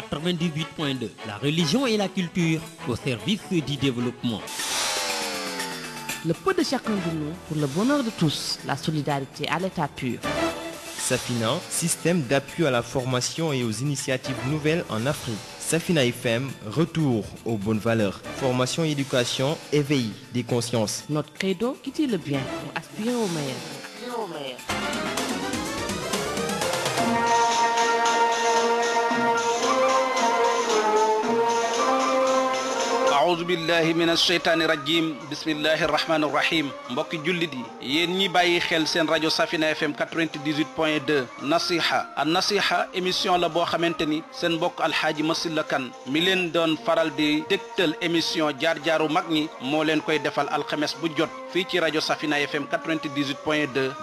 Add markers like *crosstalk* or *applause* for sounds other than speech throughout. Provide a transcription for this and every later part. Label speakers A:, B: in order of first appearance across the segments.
A: 98.2, la religion et la culture au service du développement.
B: Le peu de chacun de nous pour le bonheur de tous, la solidarité à l'état pur. Safina, système d'appui à la formation et aux initiatives nouvelles en Afrique. Safina FM, retour aux bonnes valeurs. Formation et éducation, éveil des consciences. Notre credo, quitter le bien pour au meilleur.
A: أعوذ بالله من الشيطان الرجيم بسم الله الرحمن الرحيم مبوك جلدي يني باي خيل سين راديو سافينا اف ام 98.2 نصيحة النصيحة اميسيون لبو خمنتني سين بوك الحاج مسل لكان ملين دون فرال دي دكتل اميسيون جار جارو مكني مولين كوي دفال الخمس بجوت في تي راديو سافينا اف ام 98.2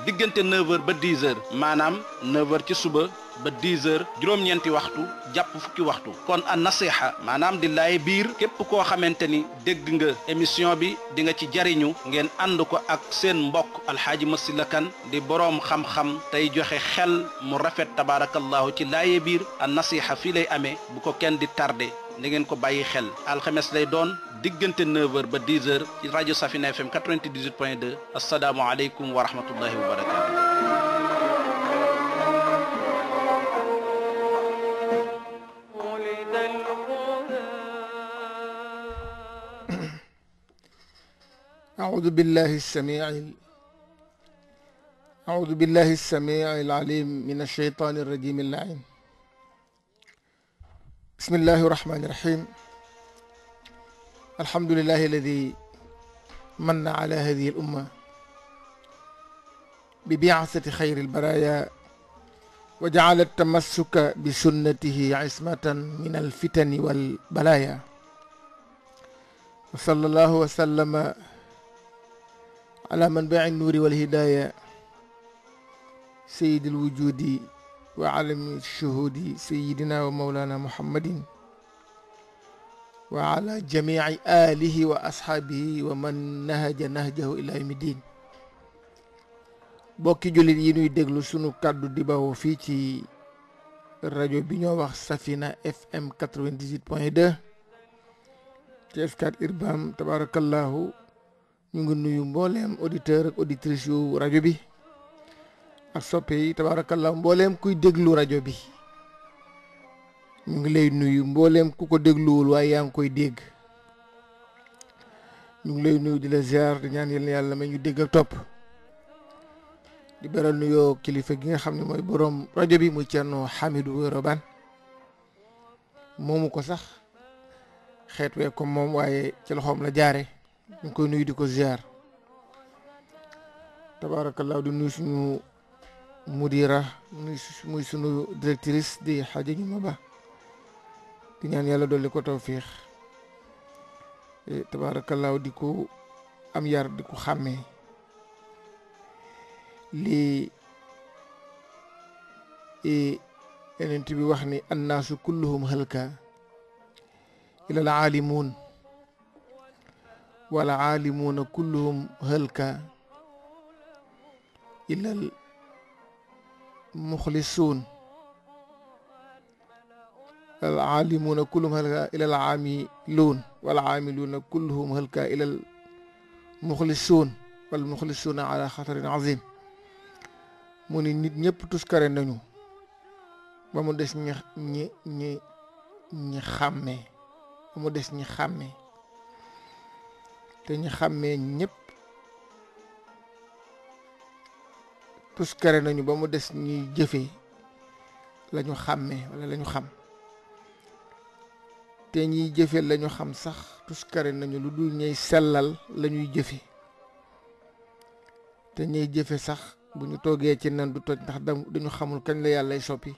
A: ديجنت 9 ب 10 مانام 9 تي صبح ba 10 heures juroom ñenti waxtu jàpp fukki waxtu kon an nasiha manam di lay biir kep ko xamanteni dégg nga émission bi di nga ci jariñu ngeen ànd ko ak seen mbokk alxaaji Massyla Kane di borom xam-xam tay joxe xel mu rafet tabarakallah ci lay biir an nasiha fi lay amé bu ko kenn di tardé na ngeen ko bàyyi xel alxames lay doon diggante 9h ba 10h ci rajo Safina FM 98.2 assalaamu aleykum wa rahmatullahi wa barakatuh
B: أعوذ بالله السميع أعوذ بالله السميع العليم من الشيطان الرجيم اللعين بسم الله الرحمن الرحيم الحمد لله الذي من على هذه الأمة ببعثة خير البرايا وجعل التمسك بسنته عصمة من الفتن والبلايا وصلى الله وسلم ala man bai nuuri wal hidaaya sayyidil wujudi wa alami shuhudi sayyidina wa mawlana muhammadin wa ala jamici aalihi wa asxaabihi wa man nahaja nahjahu ila yawmi diin bokki jullit yi nuy déglu sunu kàddu di bawoo fii ci rajo bi ñoo wax Safina FM 98 point 2 ci Scat Urbam tabarakallahu ñu ngi nuyu mbooleem auditeur ak auditrice yu rajo bi ak soppe yi la mbooleem kuy déglu rajo bi ñu ngi lay nuyu mbooleem ku ko dégluwul waaye yaa ngi koy dégg ñu ngi lay nuyu di la ziar di ñaan yàlla yàlla may ñu dégg ak topp di beral nuyoo kilifa gi nga xam ne mooy boroom rajo bi muy Thierno wër a Bane moomu ko sax xeet wee ko moom waaye ci loxoom la jaare ñu koy nuyu di ko ziar tabaarakallaa di nuyu suñu mudira muy suñu directrice di xaaja ñu ma ba di ñaan yàlla dolli ko tawfiix eh, tabaarakallaa di ko am yar di ko xàmmee lii e, yenent bi wax ni annaasu kulluhum halka ila al wal aalimuuna kulluhum hëlka ilal muxlisuun al aalimuuna kulluhum hëlka ilal aamiluun wal aamiluuna kulluhum hëlka ilal muxlisuun wal muxlisuuna ala xatarin azim mu ni nit ñëpp tuskare nañu ba mu des ñi ñi ñi ñi xàmmee ba mu des ñi xàmmee te ñu xamé ñëpp kéré nañu ba mu des ñi jëfé lañu xamé wala lañu xam té ñi jëfé lañu xam sax kéré nañu lu dul ñuy sellal la jëfé té te jëfé sax bu ñu toogee ci nan du toj ndax dañu xamul kañ la soppi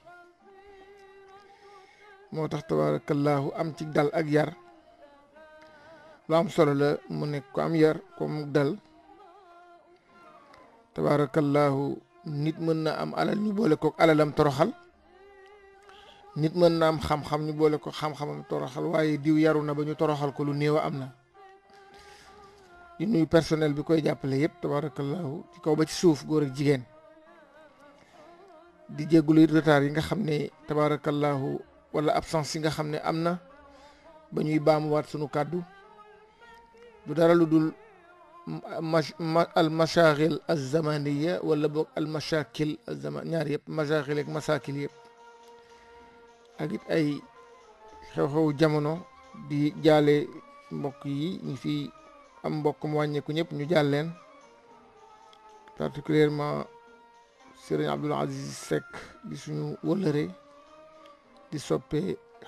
B: motax am ci dal ak yar lu am solo la mu nekk ko am yar ku mu dal tabaarakallaahu nit mën na am alal ñu boole ko alalam toroxal nit mën na am xam-xam ñu boole ko xam-xamam toroxal waaye diw yaru na ba ñu toroxal ko lu néew am na di nuyu personnel bi koy jàppale yëpp tabaarakallaahu ci kaw ba ci suuf góor ak jigéen di jéggulu retard yi nga xam ne tabaarakallaahu wala absence yi nga xam ne am na ba ñuy baamuwaat sunu kàddu du dara lu dul al mashaaxil alzamaniya wala boog al mashaakil alzaman ñaar yëpp mashaaxil ak masaakil yëpp ak it ay xew-xew jamono di jaale mbokk yi ñu fi am mbokk mu wàññeeku ñëpp ñu jàll leen particulièrement Serigne Abdoul Aziz Seck di suñu wëlëre di soppe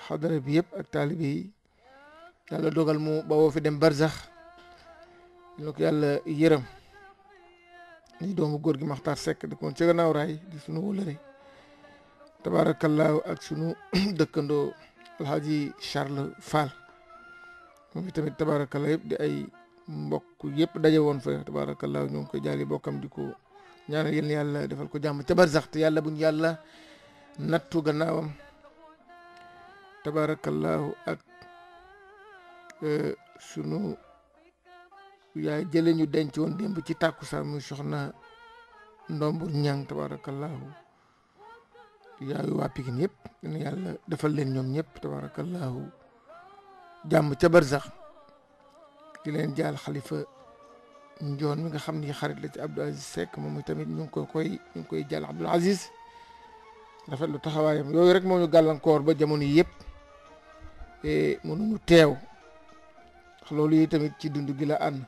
B: xadara bi yëpp ak taalibe yi yàlla dogal mu bawoo fi dem barzax ñu ko yàlla yërëm ni doomu góor gi Maxtaar Seck di koon ci gannaaw raay di sunu wëlëre tabaarakallaahu ak sunu *clears throat* dëkkandoo alxaaji Charles Fall moom tamit tabaarakallaahu yëpp di ay mbokk yëpp daje woon fa tabaarakallaahu ñoo ngi koy jaali bokkam di ko ñaanal yéen yàlla defal ko jàmm ca barsax te yàlla buñ yàlla nattu gannaawam tabaarakallaahu ak euh, sunu yaay jële ñu dencoon démb ci tàkkusaan mu soxna nyang ñang tabarakallahu
A: yaayu waa pikin yëpp ne yàlla
B: defal leen ñoom ñëpp tabarakallahu jàmm ca barsax di leen jaal xalifa njoon mi nga xam ni xarit la ci Abdou Aziz Seck moom tamit ñu ngi ko koy ñu ngi koy jaal Abdou Aziz rafet lu taxawaayam yooyu rek moo ñu gàllankoor ba jamono yëpp eh, mënuñu teew loolu yi tamit ci dund gi la ànd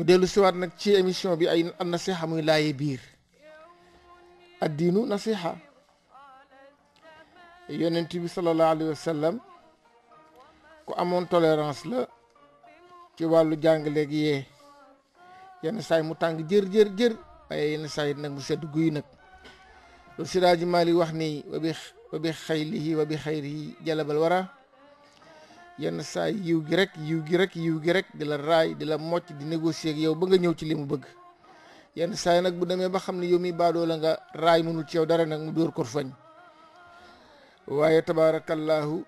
B: ñu dellu siwaat nag ci émission bi ay nasiha muy laaye biir addiinu nasiha yonent bi sallallahu alayhi wa sallam ku amoon tolérance la ci wàllu jàngaleeg yee yenn saay mu tàng jër jër jër waaye yenn saay nag mu sedd guy nag lu siraaji maali wax ni wa bi wa bi xaylihi wa bi xayrihi jalabal wara yenn saa yiw gi rek yiw gi rek yiw gi rek di la raay di la mocc di négocier ak yow ba nga ñëw ci li mu bëgg yenn saay nag bu demee ba xam ne yow mi baadoo la nga raay mënul ci yow dara nag mu dóor ko fañ waaye tabaarakallaahu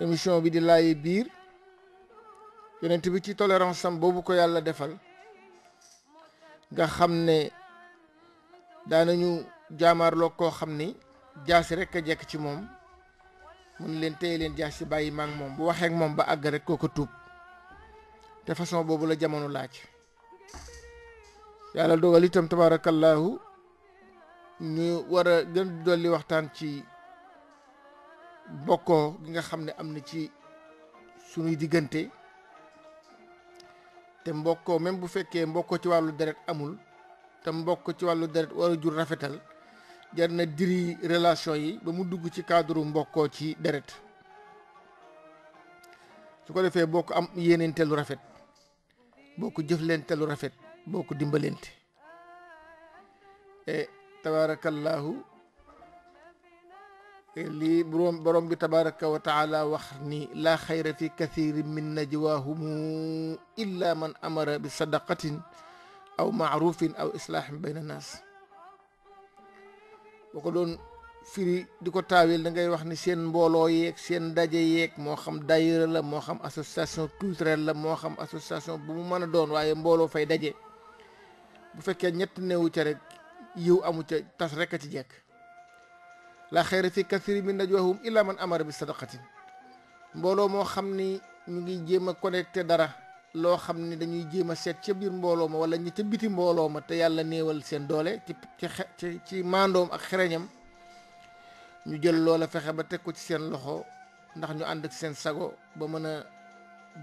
B: émission bi di laaye biir yonent bi ci tolérance sam boobu ko yàlla defal nga xam ne daanañu jaamaarloo koo xam ni jaasi rek a jekk ci moom mu leen téye leen jaas si bàyyi mag moom bu waxee moom ba àgg rek kooko tuub te façon boobu la jamono laaj yàlla dogal itam tabaarakallaahu ñu war a gën dolli waxtaan ci bokkoo gi nga xam ne am na ci suñuy diggante te mbokkoo même bu fekkee mbokkoo ci wàllu deret amul te mbokk ci wàllu deret war a jur rafetal jarna diri relation yi ba mu dugg ci cadre mbokko ci deret su ko defee bokk am yéenente lu rafet bokk jëflente lu rafet bokk dimbalente e tabarakallahu li borom borom bi tabaraka wa taala wax ni laa xayra fi kathirin min najwahum illa man amara bi sadaqatin aw maarufin aw islaahin bayna naas boo ko doon firi di ko taawil da ngay wax ni seen mbooloo yeeg seen daje yeeg moo xam daayira la moo xam association culturelle la moo xam association bu mu mën a doon waaye mbooloo fay daje bu fekkee ñett neewu ca rek yiw amu ca tas rek a ci jekk la xayra fi kathiri min najwahum illa man amara bi sadaqatin mbooloo moo xam ni ñu ngi jéem a connecté dara loo xam ne dañuy jéem a seet ca biir mbooloo ma wala ñi biti mbooloo ma te yàlla néewal seen doole ci ci ci maandoom ak xereñam ñu jël loola fexe ba teg ko ci seen loxo ndax ñu ànd ak seen sago ba mën a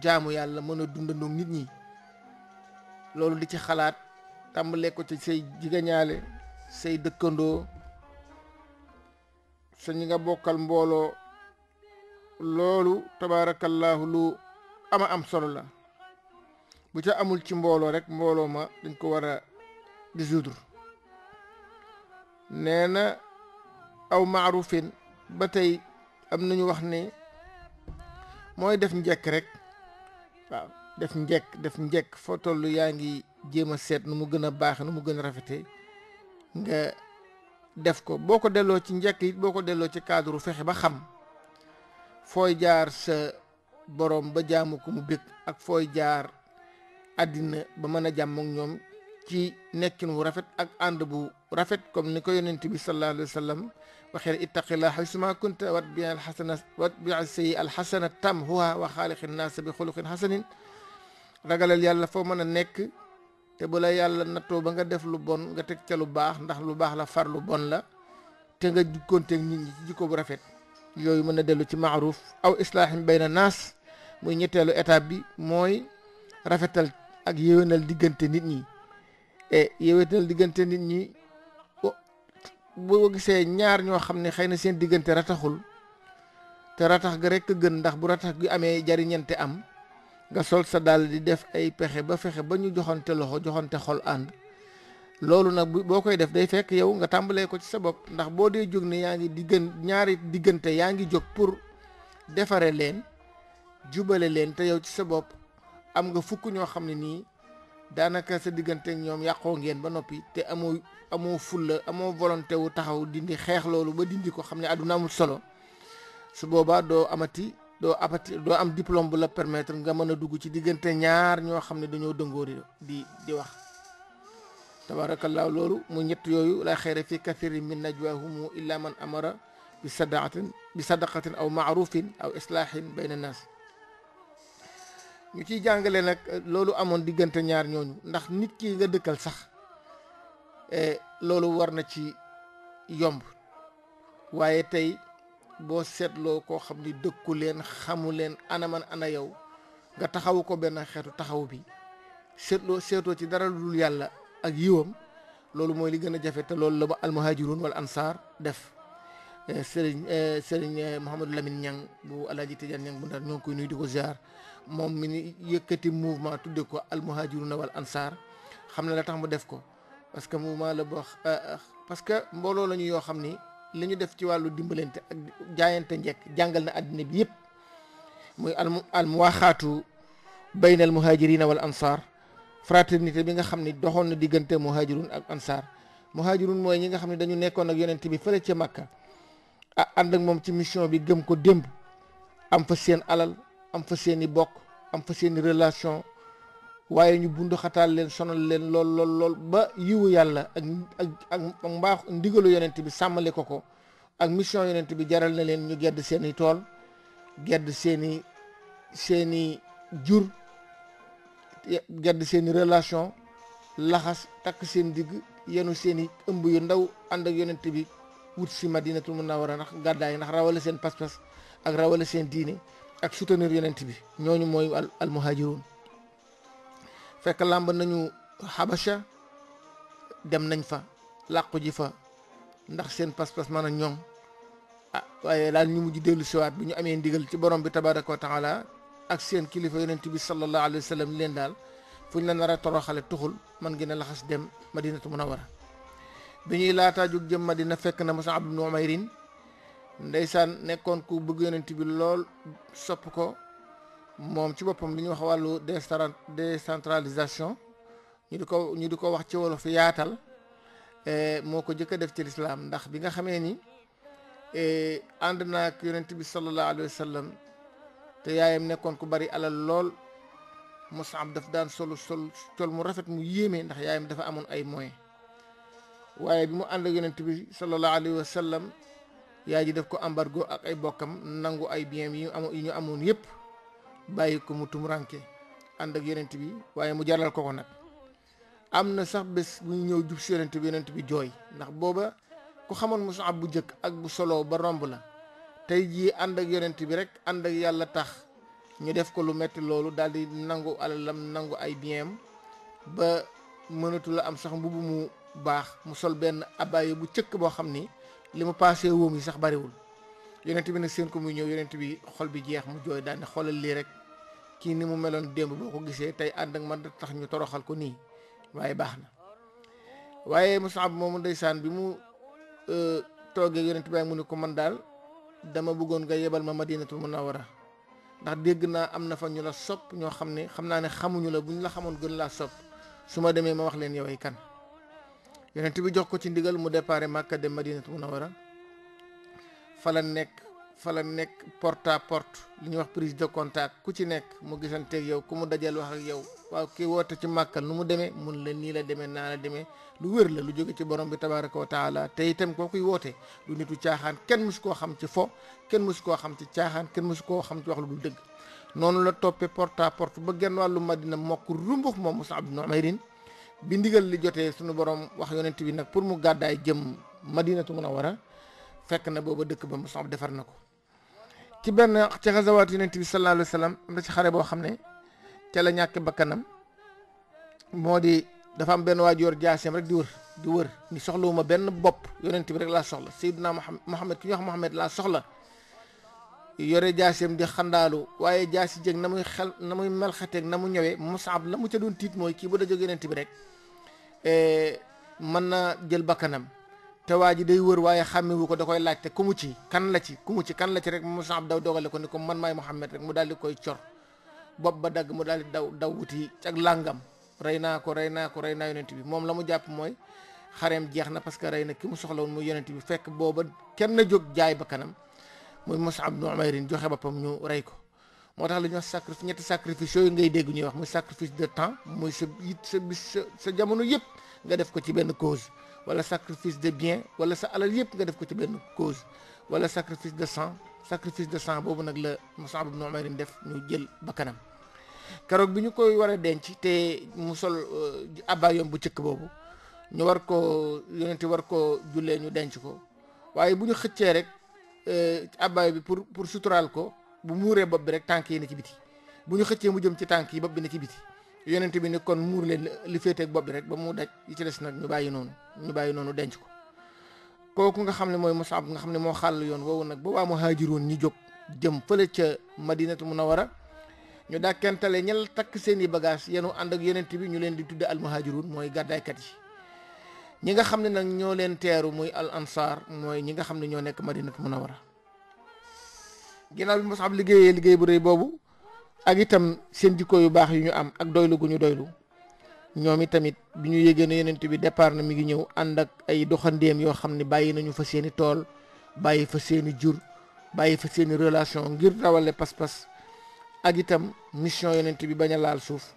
B: jaamu yàlla mën a dundandu nit ñi loolu di ci xalaat tàmbalee ko ci say jigañaale say dëkkandoo sa ñi nga bokkal mbooloo loolu tabaarakallaahu lu ama am solo la bu ca amul ci mbooloo rek mbooloo ma dañ ko war a dissoudre nee na aw maarufin ba tey am nañu wax ni mooy def njekk rek waaw def njekk def njekk foo toll yaa ngi jéem a seet nu mu gën a baax nu mu gën a rafete nga def ko boo ko delloo ci njekk it boo ko delloo ci cadre fexe ba xam fooy jaar sa borom ba jaamu ko mu bëgg ak fooy jaar àddina ba mën a jàmm ñoom ci nekkin wu rafet ak ànd bu rafet comme ni ko yonent bi sallallahu alayhi wa sallam waxee ittaqillah haysuma kunta wat bi alxasana wat bi sayi alxasana tamhuha wa xaaliqi naasa bi xuluqin xasanin ragalal yàlla foo mën a nekk te bu la yàlla nattoo ba nga def lu bon nga teg ca lu baax ndax lu baax la far lu bon la te nga jikkoonteeg nit ñi ci jikko bu rafet yooyu mën a dellu ci maaruf aw islaahin bayna naas muy ñetteelu étape bi mooy rafetal ak yéwénal diggante nit ñi e yéwénal diggante nit ñi boo gisee ñaar ñoo xam ne xëy na seen diggante rataxul te ratax ga rekk gën ndax bu ratax gi amee jariñante am nga sol sa dàll di def ay pexe ba fexe ba ñu joxante loxo joxante xol ànd loolu nag boo koy def day fekk yow nga tàmbalee ko ci sa bopp ndax boo dee jóg ne yaa ngi diggan ñaari diggante yaa ngi jóg pour defare leen jubale leen te yow ci sa bopp am nga fukk ñoo xam ne nii daanaka sa diggante ñoom yàqoo ngeen ba noppi te amoo amoo fulla amoo volonté wu taxaw dindi xeex loolu ba dindi ko xam ne àdduna amul solo su boobaa doo amati doo amati doo am diplôme bu la permettre nga mën a dugg ci diggante ñaar ñoo xam ne dañoo dëngoori di di wax
A: tabaarakallaahu
B: loolu mu ñett yooyu la xayra fi kathiri min najwahumu illa man amara bi sadaqatin bi sadaqatin aw maarufin aw islaahin bayna naas ñu ciy jàngale nag euh, loolu amoon diggante ñaar ñooñu ndax nit ki nga dëkkal sax eh, loolu war na ci yomb waaye tey boo seetloo koo xam ni dëkku leen xamu leen anaman ana yow nga taxawu ko benn xeetu taxaw bi seetloo seetoo ci dara lu dul yàlla ak yiwam loolu mooy li gën a jafe te loolu la ba almuhajirun wal ansaar def eh, sëriñ eh, sëriñ Mouhamadou Lamine Niang bu alaaji Tidiane Niang bu ndar ñoo ngi koy nuyu di ko ziar mom mi yëkëti mouvement tuddé ko muhajirun wal ansar xamna la tax mu def ko parce que mouvement la boo euh, euh, parce que mbolo la yo York xam def ci walu dimbalenté ak jaayante ñek jangal na adina bi yépp muy al almuwaxaatu bayna muhajirin wal ansar fraternité bi nga xamni doxon na digënté muhajirun ak ansar muhajirun moy ñi nga xamni dañu nekkon ak yonent bi fele ci Makka ah ànd ak mom ci mission bi gëm ko demb am fa seen alal am fa seen i bokk am fa seeni relation waaye ñu bundu xataal leen sonal leen lool lool lool ba yiwu yàlla ak ak ak mbaax ndigalu yonent bi sàmmale ko ko ak mission yonent bi jaral na leen ñu gedd seen i tool gedd seeni seeni jur gedd seeni relation laxas takk seen digg yenu seen i ëmb yu ndaw ànd ak yonent bi wut si madinatul munawara ndax gàddaay ndax rawale seen pas-pas ak rawale seen diine ak soutenir yenen tibi ñooñu moy al muhajirun fekk làmb nañu habasha dem nañ fa laqku ji fa ndax seen pas-pas mën a ñoŋ ah waaye daal ñu mujj delu ci wat bi ñu amee ndigal ci borom bi tabaraka wa taala ak seen kilifa yenen tibi sallallahu alayhi wasallam leen dal fuñ ñu la nar toroxale tuxul man gi na la xass dem madinatu munawwara biñuy ñuy juk jóg jëm madina fekk na Mus'ab ibn Umayrin ndeysaan nekkoon ku bëgg yonent bi lool sopp ko moom ci boppam li ñu wax wàllu décentralisation ñu di ko ñu di ko wax ci wolof yaatal moo ko jëkk def ci lislaam ndax bi nga xamee ni ànd naa ak yonent bi sallallahu alayhi wa sallam te yaayam nekkoon ku bari alal lool Mus'ab daf daan sol sol col mu rafet mu yéeme ndax yaayam dafa amoon ay moyens waaye bi mu ànd ak yonent bi sallallahu alayhi wa sallam yaay ji def ko embargo ak ay bokkam nangu ay biens yi ñu amoon yépp bàyyi ko mu tumuranke ànd ak yonent bi waaye mu jaral ko ko nag am na sax bés bu ñu ñëw jub si yonent bi yonent bi jooy ndax booba ku xamoon Mus'ab bu jëkk ak bu solo ba romb la tey ji ànd ak yonent bi rek ànd ak yàlla tax ñu def ko lu metti loolu daal di nangu alalam nangu ay biens ba mënatul am sax mbubb mu baax mu sol benn abaya bu cëkk boo xam ni lima passé paasee yi sax wul yonent bi nak seen ko muy ñew yonent bi xol bi jeex mu joy daan ne xoolal rek ki ni mu meloon demb boko gisee tay and ak man tax ñu toroxal ko ni waye baxna waye Mus'ab momu ndeysaan bi mu euh, toge yonent bi mu ne ko man dal dama bëggoon nga yebal ma Madinatul munawara ndax dégg naa am na fa ñu la sopp ñoo xam ne xam naa ne xamuñu la buñ la xamoon gën laa sopp su ma ma wax leen yow kan yonent bi jox ko ci ndigal mu départ Màkka dem Madinatu Munawara fa la nekk fa la nekk porta à porte li ñuy wax prise de contact ku ci nekk mu gisanteeg yow ku mu dajal wax ak yow waaw ki woote ci màkka nu mu demee mun la nii la demee naa la demee lu wér la lu jóge ci borom bi tabaraka wa taala te itam koo koy woote du nitu caaxaan kenn mus koo xam ci fo kenn mus koo xam ci caaxaan kenn mus koo xam ci wax lu dul dëgg noonu la toppee porte à ba genn wàllu madina mokk rumbux moom Musab ibn Umayr bi ndigal li jotee suñu borom wax yonent bi nag pour mu gàddaay jëm madinatu munawara fekk na booba dëkk ba Musab defar na ko ci benn ci xasawaat yonent bi am ci xare boo xam ne ca ñàkk bakkanam moo di dafa am benn waajoor jaaseem rek di wër di wër ni soxlawuma benn bopp yonent bi rek laa soxla Seydina Muhammad ki ñu wax Muhammad laa soxla yore jaaseem di xandaalu waaye jaasi jég na muy xel na muy melxateeg na mu ñëwee Musab la mu ca tiit mooy kii bu da jóg yonent bi rek Eh, man na jël bakkanam te waa ji day wër waaye xàmmewu ko da koy laajte ku mu ci kan la ci ku mu ci kan la ci rek mu saab daw dogale ko ni ko man maay Muhammad rek mu daal di koy cor bopp ba dagg mu daal di daw daw wuti ak làngam rey naa ko rey naa ko rey naa yonent bi moom la mu jàpp mooy xareem jeex na parce que rey na ki mu soxla woon muy yonent bi fekk booba kenn jóg jaay bakkanam muy Mus'ab ibn Umayr joxe boppam ñu rey ko moo tax lu ñuy wax sacrifice ñetti sacrifice yooyu ngay dégg ñuy wax muy sacrifice de temps muy sa it sa bis sa sa jamono yëpp nga def ko ci benn cause wala sacrifice de bien wala sa alal yëpp nga def ko ci benn cause wala sacrifice de sang sacrifice de sang boobu nag la Musab ibn Umayr def ñu jël bakkanam keroog bi ñu koy war a denc te mu sol euh, abaayoom bu cëkk boobu ñu war ko koo yonenti war koo jullee ñu denc ko waaye bu ñu xëccee rek euh, abbaay bi pour pour suturaal ko. bu muuree bopp bi rek tànk yi ne ci biti bu ñu xëccee mu jëm ci tànk yi bopp bi ne ci biti yonent bi ne kon muur leen li féeteeg bopp bi rek ba mu daj yi ci des nag ñu bàyyi noonu ñu bàyyi noonu denc ko kooku nga xam ne mooy Musab nga xam ne moo xàll yoon woowu nag ba waa muhaajiroon ñi jóg jëm fële ca madinatu munawara ñu dàkkentale ñal takk seen i bagage yenu ànd ak yonent bi ñu leen di tudde al muhaajiroon mooy gàddaaykat yi ñi nga xam ne nag ñoo leen teeru muy al ansar mooy ñi xam ne ñoo nekk madinatu munawara ginnaaw bi am liggéeyee liggéey bu rëy boobu ak itam seen jikko yu baax yu ñu am ak doylu gu ñu doylu ñoom tamit bi ñu yégée ne yonent bi départ na mi ngi ñëw ànd ak ay doxandéem yoo xam ne bàyyi nañu fa seeni tool bàyyi fa seeni jur bàyyi fa seeni relation ngir rawale pas-pas ak itam mission yonent bi bañ a laal suuf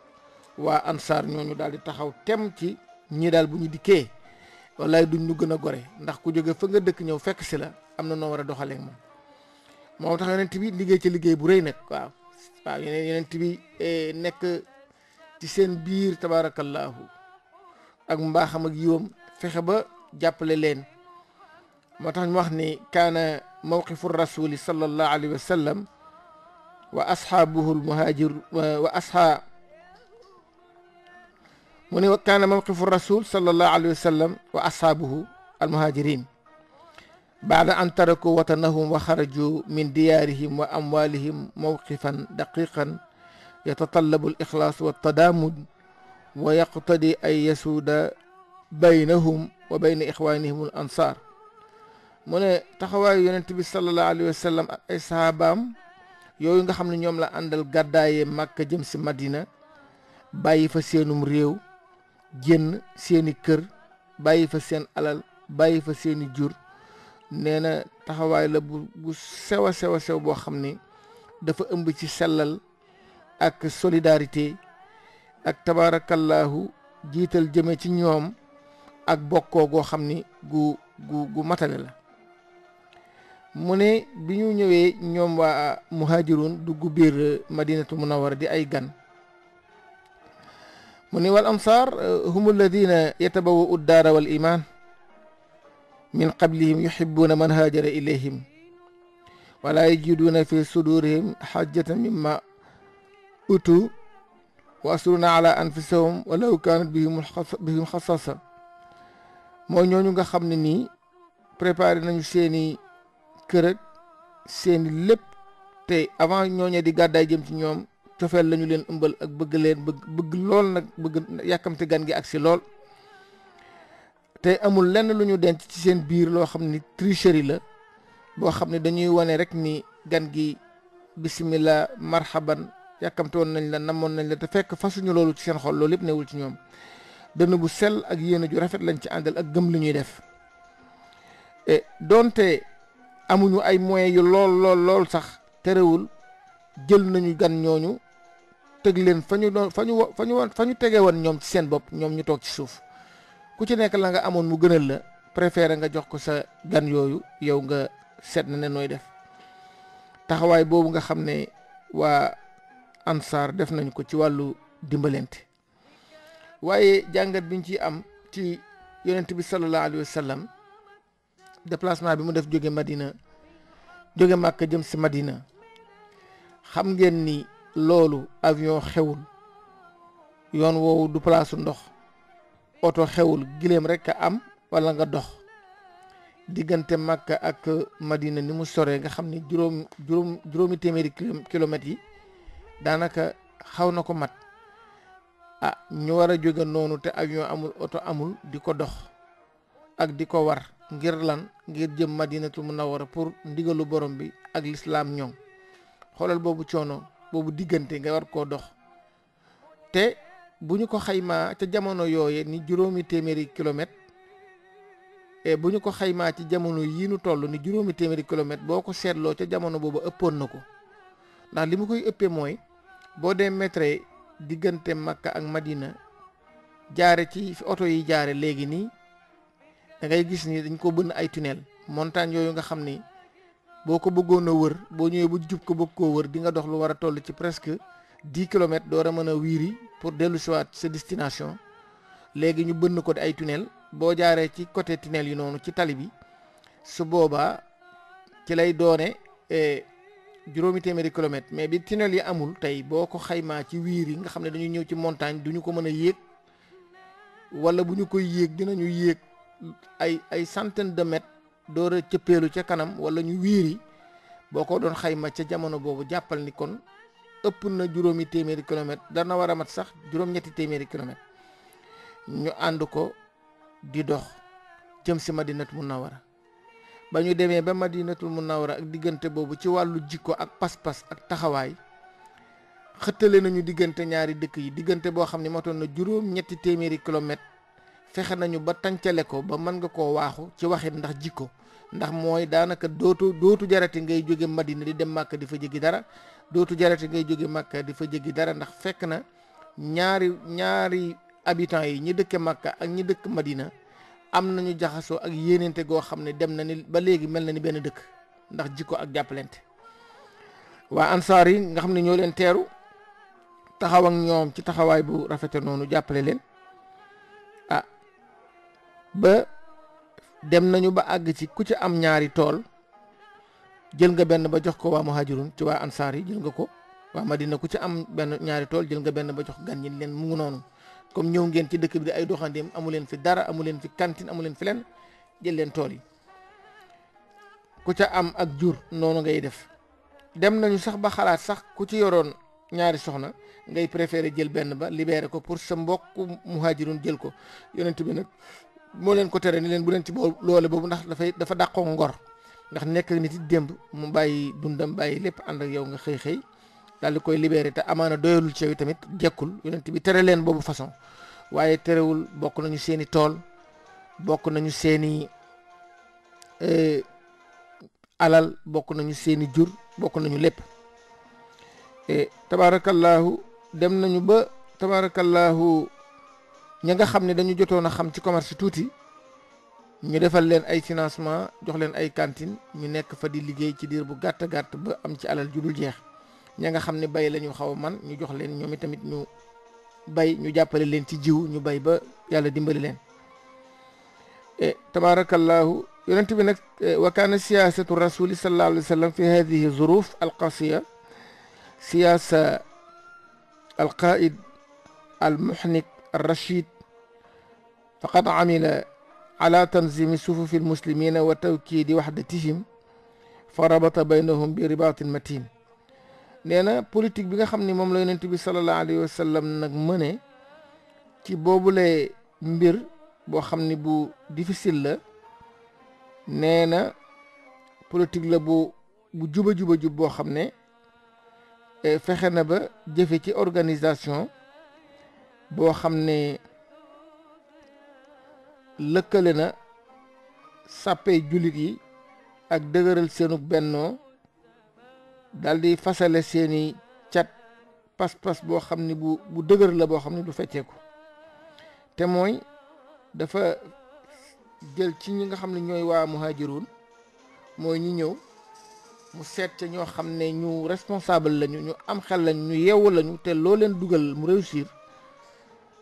B: waa ansaar ñooñu daal di taxaw tem ci ñii daal bu ñu dikkee wallaay duñ ñu gën a gore ndax ku jóge fa nga dëkk ñëw fekk si la am na noo war a doxalee moo tax yonent bi liggéey ci liggéey bu rëy nag waaw waaw yeneen yonent bi nekk ci seen biir tabaarakallaahu ak mbaaxam ak yiwam fexe ba jàppale leen moo tax ñu wax ni kaana mawqifu rasuli sallallahu alayhi wa sallam wa ashaabuhu almuhaajir wa ashaa mu ne kaana mawqifu rasul sallallahu alayhi wa sallam wa ashaabuhu almuhaajirin بعد أن تركوا وطنهم وخرجوا من ديارهم وأموالهم موقفا دقيقا يتطلب الإخلاص والتدامج ويقتضي أن يسود بينهم وبين إخوانهم الأنصار من تخوى ينتبه صلى الله عليه وسلم أصحابهم يوي nga xamni ñom la andal gaddaaye makka jëm ci madina bayyi fa seenum réew génn seeni kër bayyi fa seen alal nee na taxawaay la bu bu sew a sew a sew boo xam ni dafa ëmb ci sellal ak solidarité ak tabaarakallaahu jiital jëme ci ñoom ak bokkoo goo xam ni gu gu gu matale la mu ne bi ñu ñëwee ñoom waa muhaajiroon dugg biir madinatu munawara di ay gan mu ne wal ansaar hum alladina yatabawa uddaara wal iman min qablihim yuhibbuuna man haajara ilayhim wala yajiduuna fi sudurihim xajatan mimma utu wa asruuna ala anfusihim walaw kaanat bihim xasasa mooy ñooñu nga xam ne nii préparé nañu seeni kërëg seeni lépp te avant ñooñee di gàddaay jëm ci ñoom cofeel lañu leen ëmbal ak bëgg leen bëgg bëgg lool nag bëgg yàkkamte gan gi ak si lool te amul lenn lu ñu dent ci seen biir loo xam ni tricherie la boo xam ne dañuy wane rek ni gan gi bismillah marhaban yàkkamte woon nañ la namoon nañ la te fekk fasuñu loolu ci seen xol loolu yëpp newul ci ñoom dënn bu sell ak yéene ju rafet lañ ci àndal ak gëm li ñuy def e donte amuñu ay moyens yu lool lool lool sax terewul jël nañu gan ñooñu teg leen fa ñu doon fa ñu fa ñu fa ñu tege woon ñoom ci seen bopp ñoom ñu toog ci suuf ku ci nekk la nga amoon mu gënal la préféré nga jox ko sa gan yooyu yow nga seet na ne nooy def taxawaay boobu nga xam ne waa ansaar def nañ ko ci wàllu dimbalent waaye jàngat biñ ci am ci yonent bi sallallahu alayhi wa sallam déplacement bi mu def jóge Madina jóge màkk jëm si Madina xam ngeen ni loolu avion xewul yoon woowu du palaasu ndox oto xewul gilem rek ka am wala nga dox digante Makka ak Madina ni mu sore nga xamni ni juróom juróom temeri kilometri danaka xawna ko mat ah ñu wara a nonu te avion amul oto amul di dox ak di war ngir lan ngir jëm Madinatul Munawwara pour ndigalu borom bi ak l'islam ñoom xolal bobu ciono bobu digante nga war ko dox te bu ñu ko xaymaa ca jamono yooye ni juróomi téeméeri kilomètre bu ñu ko xaymaa ci jamono yii nu toll ni juróomi téeméeri kilomètre boo ko seetloo ca jamono boobu ëppoon na ko ndax li ma koy ëppee mooy boo dee métre diggante Makka ak Madina jaare ci fi oto yi jaare léegi nii da ngay gis ni dañ ko bënn ay tunnel montagne yooyu nga xam ni boo ko bëggoon a wër boo ñëwee bu jub ko bëgg koo wër di nga dox lu war a toll ci presque dix kilomètres door a mën a wiiri pour dellu si waat sa destination léegi ñu bënn ko di ay tunnel boo jaaree ci côté tunnel yi noonu ci tali bi su boobaa ci lay doone e, juróomi téeméeri kilomètre mais bi tunnel yi amul tey boo ko xaymaa ci wiir yi nga xam ne dañuy ñëw ci montagne duñu ko mën a yéeg wala bu ñu koy yéeg dinañu yéeg ay ay centaine de mètres door a ca kanam wala ñu wiir yi boo ko doon xayma ca jamono boobu jàppal ni kon ëpp na juróomi téeméeri kilomètre dana war a mat sax juróom-ñetti téeméeri kilomètre ñu ànd ko di dox jëm si madinatul munawara ba ñu demee ba madinatul munawara ak diggante boobu ci wàllu jikko ak pas-pas ak taxawaay xëttale nañu diggante ñaari dëkk yi diggante boo xam ne matoon na juróom-ñetti téeméeri kilomètre fexe nañu ba tàncale ko ba mën nga koo waaxu ci waxit ndax jikko ndax mooy daanaka dootu dootu jarati ngay jóge madina di dem màkk di fa dara dootu jarati ngay jóge Makka di fa jéggi dara ndax fekk na ñaari ñaari habitants yi ñi dëkke Makka ak ñi dëkk Madina am nañu jaxasoo ak yéenente goo xam ne dem na ni ba léegi mel na ni benn dëkk ndax jikko ak jàppalante waa ansaar yi nga xam ne ñoo leen teeru taxaw ñoom ci taxawaay bu rafete noonu jàppale leen ah ba dem nañu ba àgg ci ku ci am ñaari tool jël nga benn ba jox ko waa muhajirun ci waa ansaar yi jël nga ko waa madina ku ci am benn ñaari tool jël nga benn ba jox gan ñi leen mu ngi noonu comme ñëw ngeen ci dëkk bi ay doxandeem amu leen fi dara amu leen fi cantine amu leen fi leen jël leen tool ku ca am ak jur noonu ngay def dem nañu sax ba xalaat sax ku ci yoroon ñaari soxna ngay préféré jël benn ba libéré ko pour sa mbokku muhajirun jël ko yonent bi nag moo leen ko tere ni leen bu leen ci loole boobu ndax dafay dafa dàqoo ngor ndax nekk nit yi démb mu bàyyi dundam bàyyi lépp ànd ak yow nga xëy xëy daal di koy libéré te amaana doyalul ci yi tamit jekkul yonent bi tere leen boobu façon waaye terewul bokk nañu seeni tool bokk nañu seeni e, alal bokk nañu seeni jur bokk nañu lépp e, tabaarakallaahu dem nañu ba tabaarakallaahu ña nga xam ne dañu jotoon a xam ci commerce tuuti. ñu defal leen ay financement jox leen ay cantine ñu nekk fa di liggéey ci diir bu gàtt gàtt ba am ci alal ju dul jeex ña nga xam ne bay lañu xaw man ñu jox leen ñoom itamit ñu bay ñu jàppale leen ci jiw ñu bay ba yàlla dimbali leen e tabarakallahu yonent bi nag wa kaana siyaasatu rasuli sallallahu alayhi wa sallam fi hadihi zuruf alqasiya siyaasa alqaid almuhnik alrashid faqad amila على تنظيم صفوف المسلمين وتوكيد وحدتهم فربط بينهم برباط متين نانا بوليتيك بيغا خامني موم لا يونس صلى الله عليه وسلم نك مني تي بوبو لي مبير بو خامني بو ديفيسيل لا نينا بوليتيك لا بو بو جوبا جوبا جوب بو خامني آه، فخنا با جيفي تي اورغانيزاسيون بو خامني lëkkale na sàppey jullit yi ak dëgëral seenu bennoo daldi fasale seeni cat pas-pas boo xam ni bu bu dëgër la boo xam ni du fecceeku te mooy dafa jël ci ñi nga xam ne ñooy waa muhaajiruun mooy ñu ñëw mu seet ca ñoo xam ne ñu responsable lañu ñu am xel lañu ñu yeewu lañu te loo leen dugal mu réussir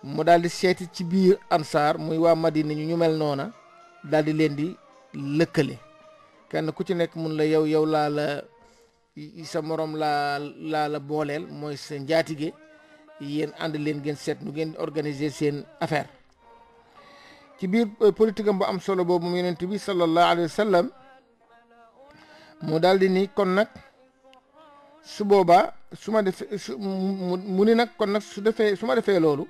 B: mu daal di seeti ci biir ansaar muy waa madina ñu ñu mel noona daal di leen di lëkkale kenn ku ci nekk mun la yow yow laa la sa morom laa laa la booleel mooy sa njaatige yéen ànd leen ngeen seet nu ngeen organiser seen affaire ci biir euh, politique bu am solo boobu mu yonent bi sallallahu alayhi wa sallam mu daal di ni kon nag su boobaa su ma defee su mu ni nag kon nag su defee su ma defee loolu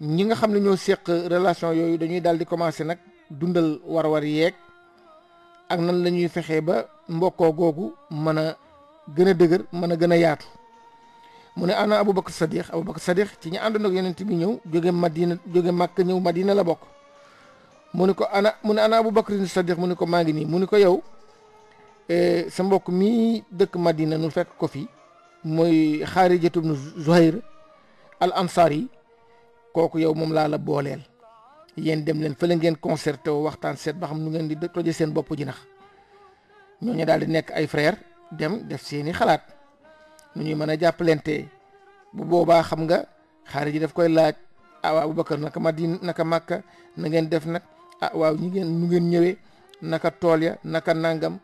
B: ñi nga xam ne ñoo seq relation yooyu dañuy daal di commencé nag dundal war-war yeeg ak nan la ñuy fexee ba mbokkoo googu mën a gën a dëgër mën a gën a yaatu mu ne ana Aboubacar Sadiq Aboubacar Sadiq ci ñu àndoon ak yonent bi ñëw jóge Madina jóge Màkk ñëw Madina la bokk mu ne ko ana mu ne ana Aboubacar Sadiq mu ne ko maa ngi nii mu ne ko yow eh, sa mbokk mii dëkk Madina nu fekk ko fi mooy Xaarijatu bnu Zuhayr al Ansaar yi kooku yow moom laa la booleel yéen dem len fële ngeen concerté woo waxtaan seet ba xam nu ngeen di toje seen bopp ji nax ñooñu daal di nekk ay frère dem def seeni xalaat nu ñuy mën a jàppalante bu boobaa xam nga xaari ji daf koy laaj awa ah, waaw Aboubacar naka Madina naka Makka na ngeen def nak ah waaw ñu ngeen nu ngeen ñëwee naka tool ya naka nangam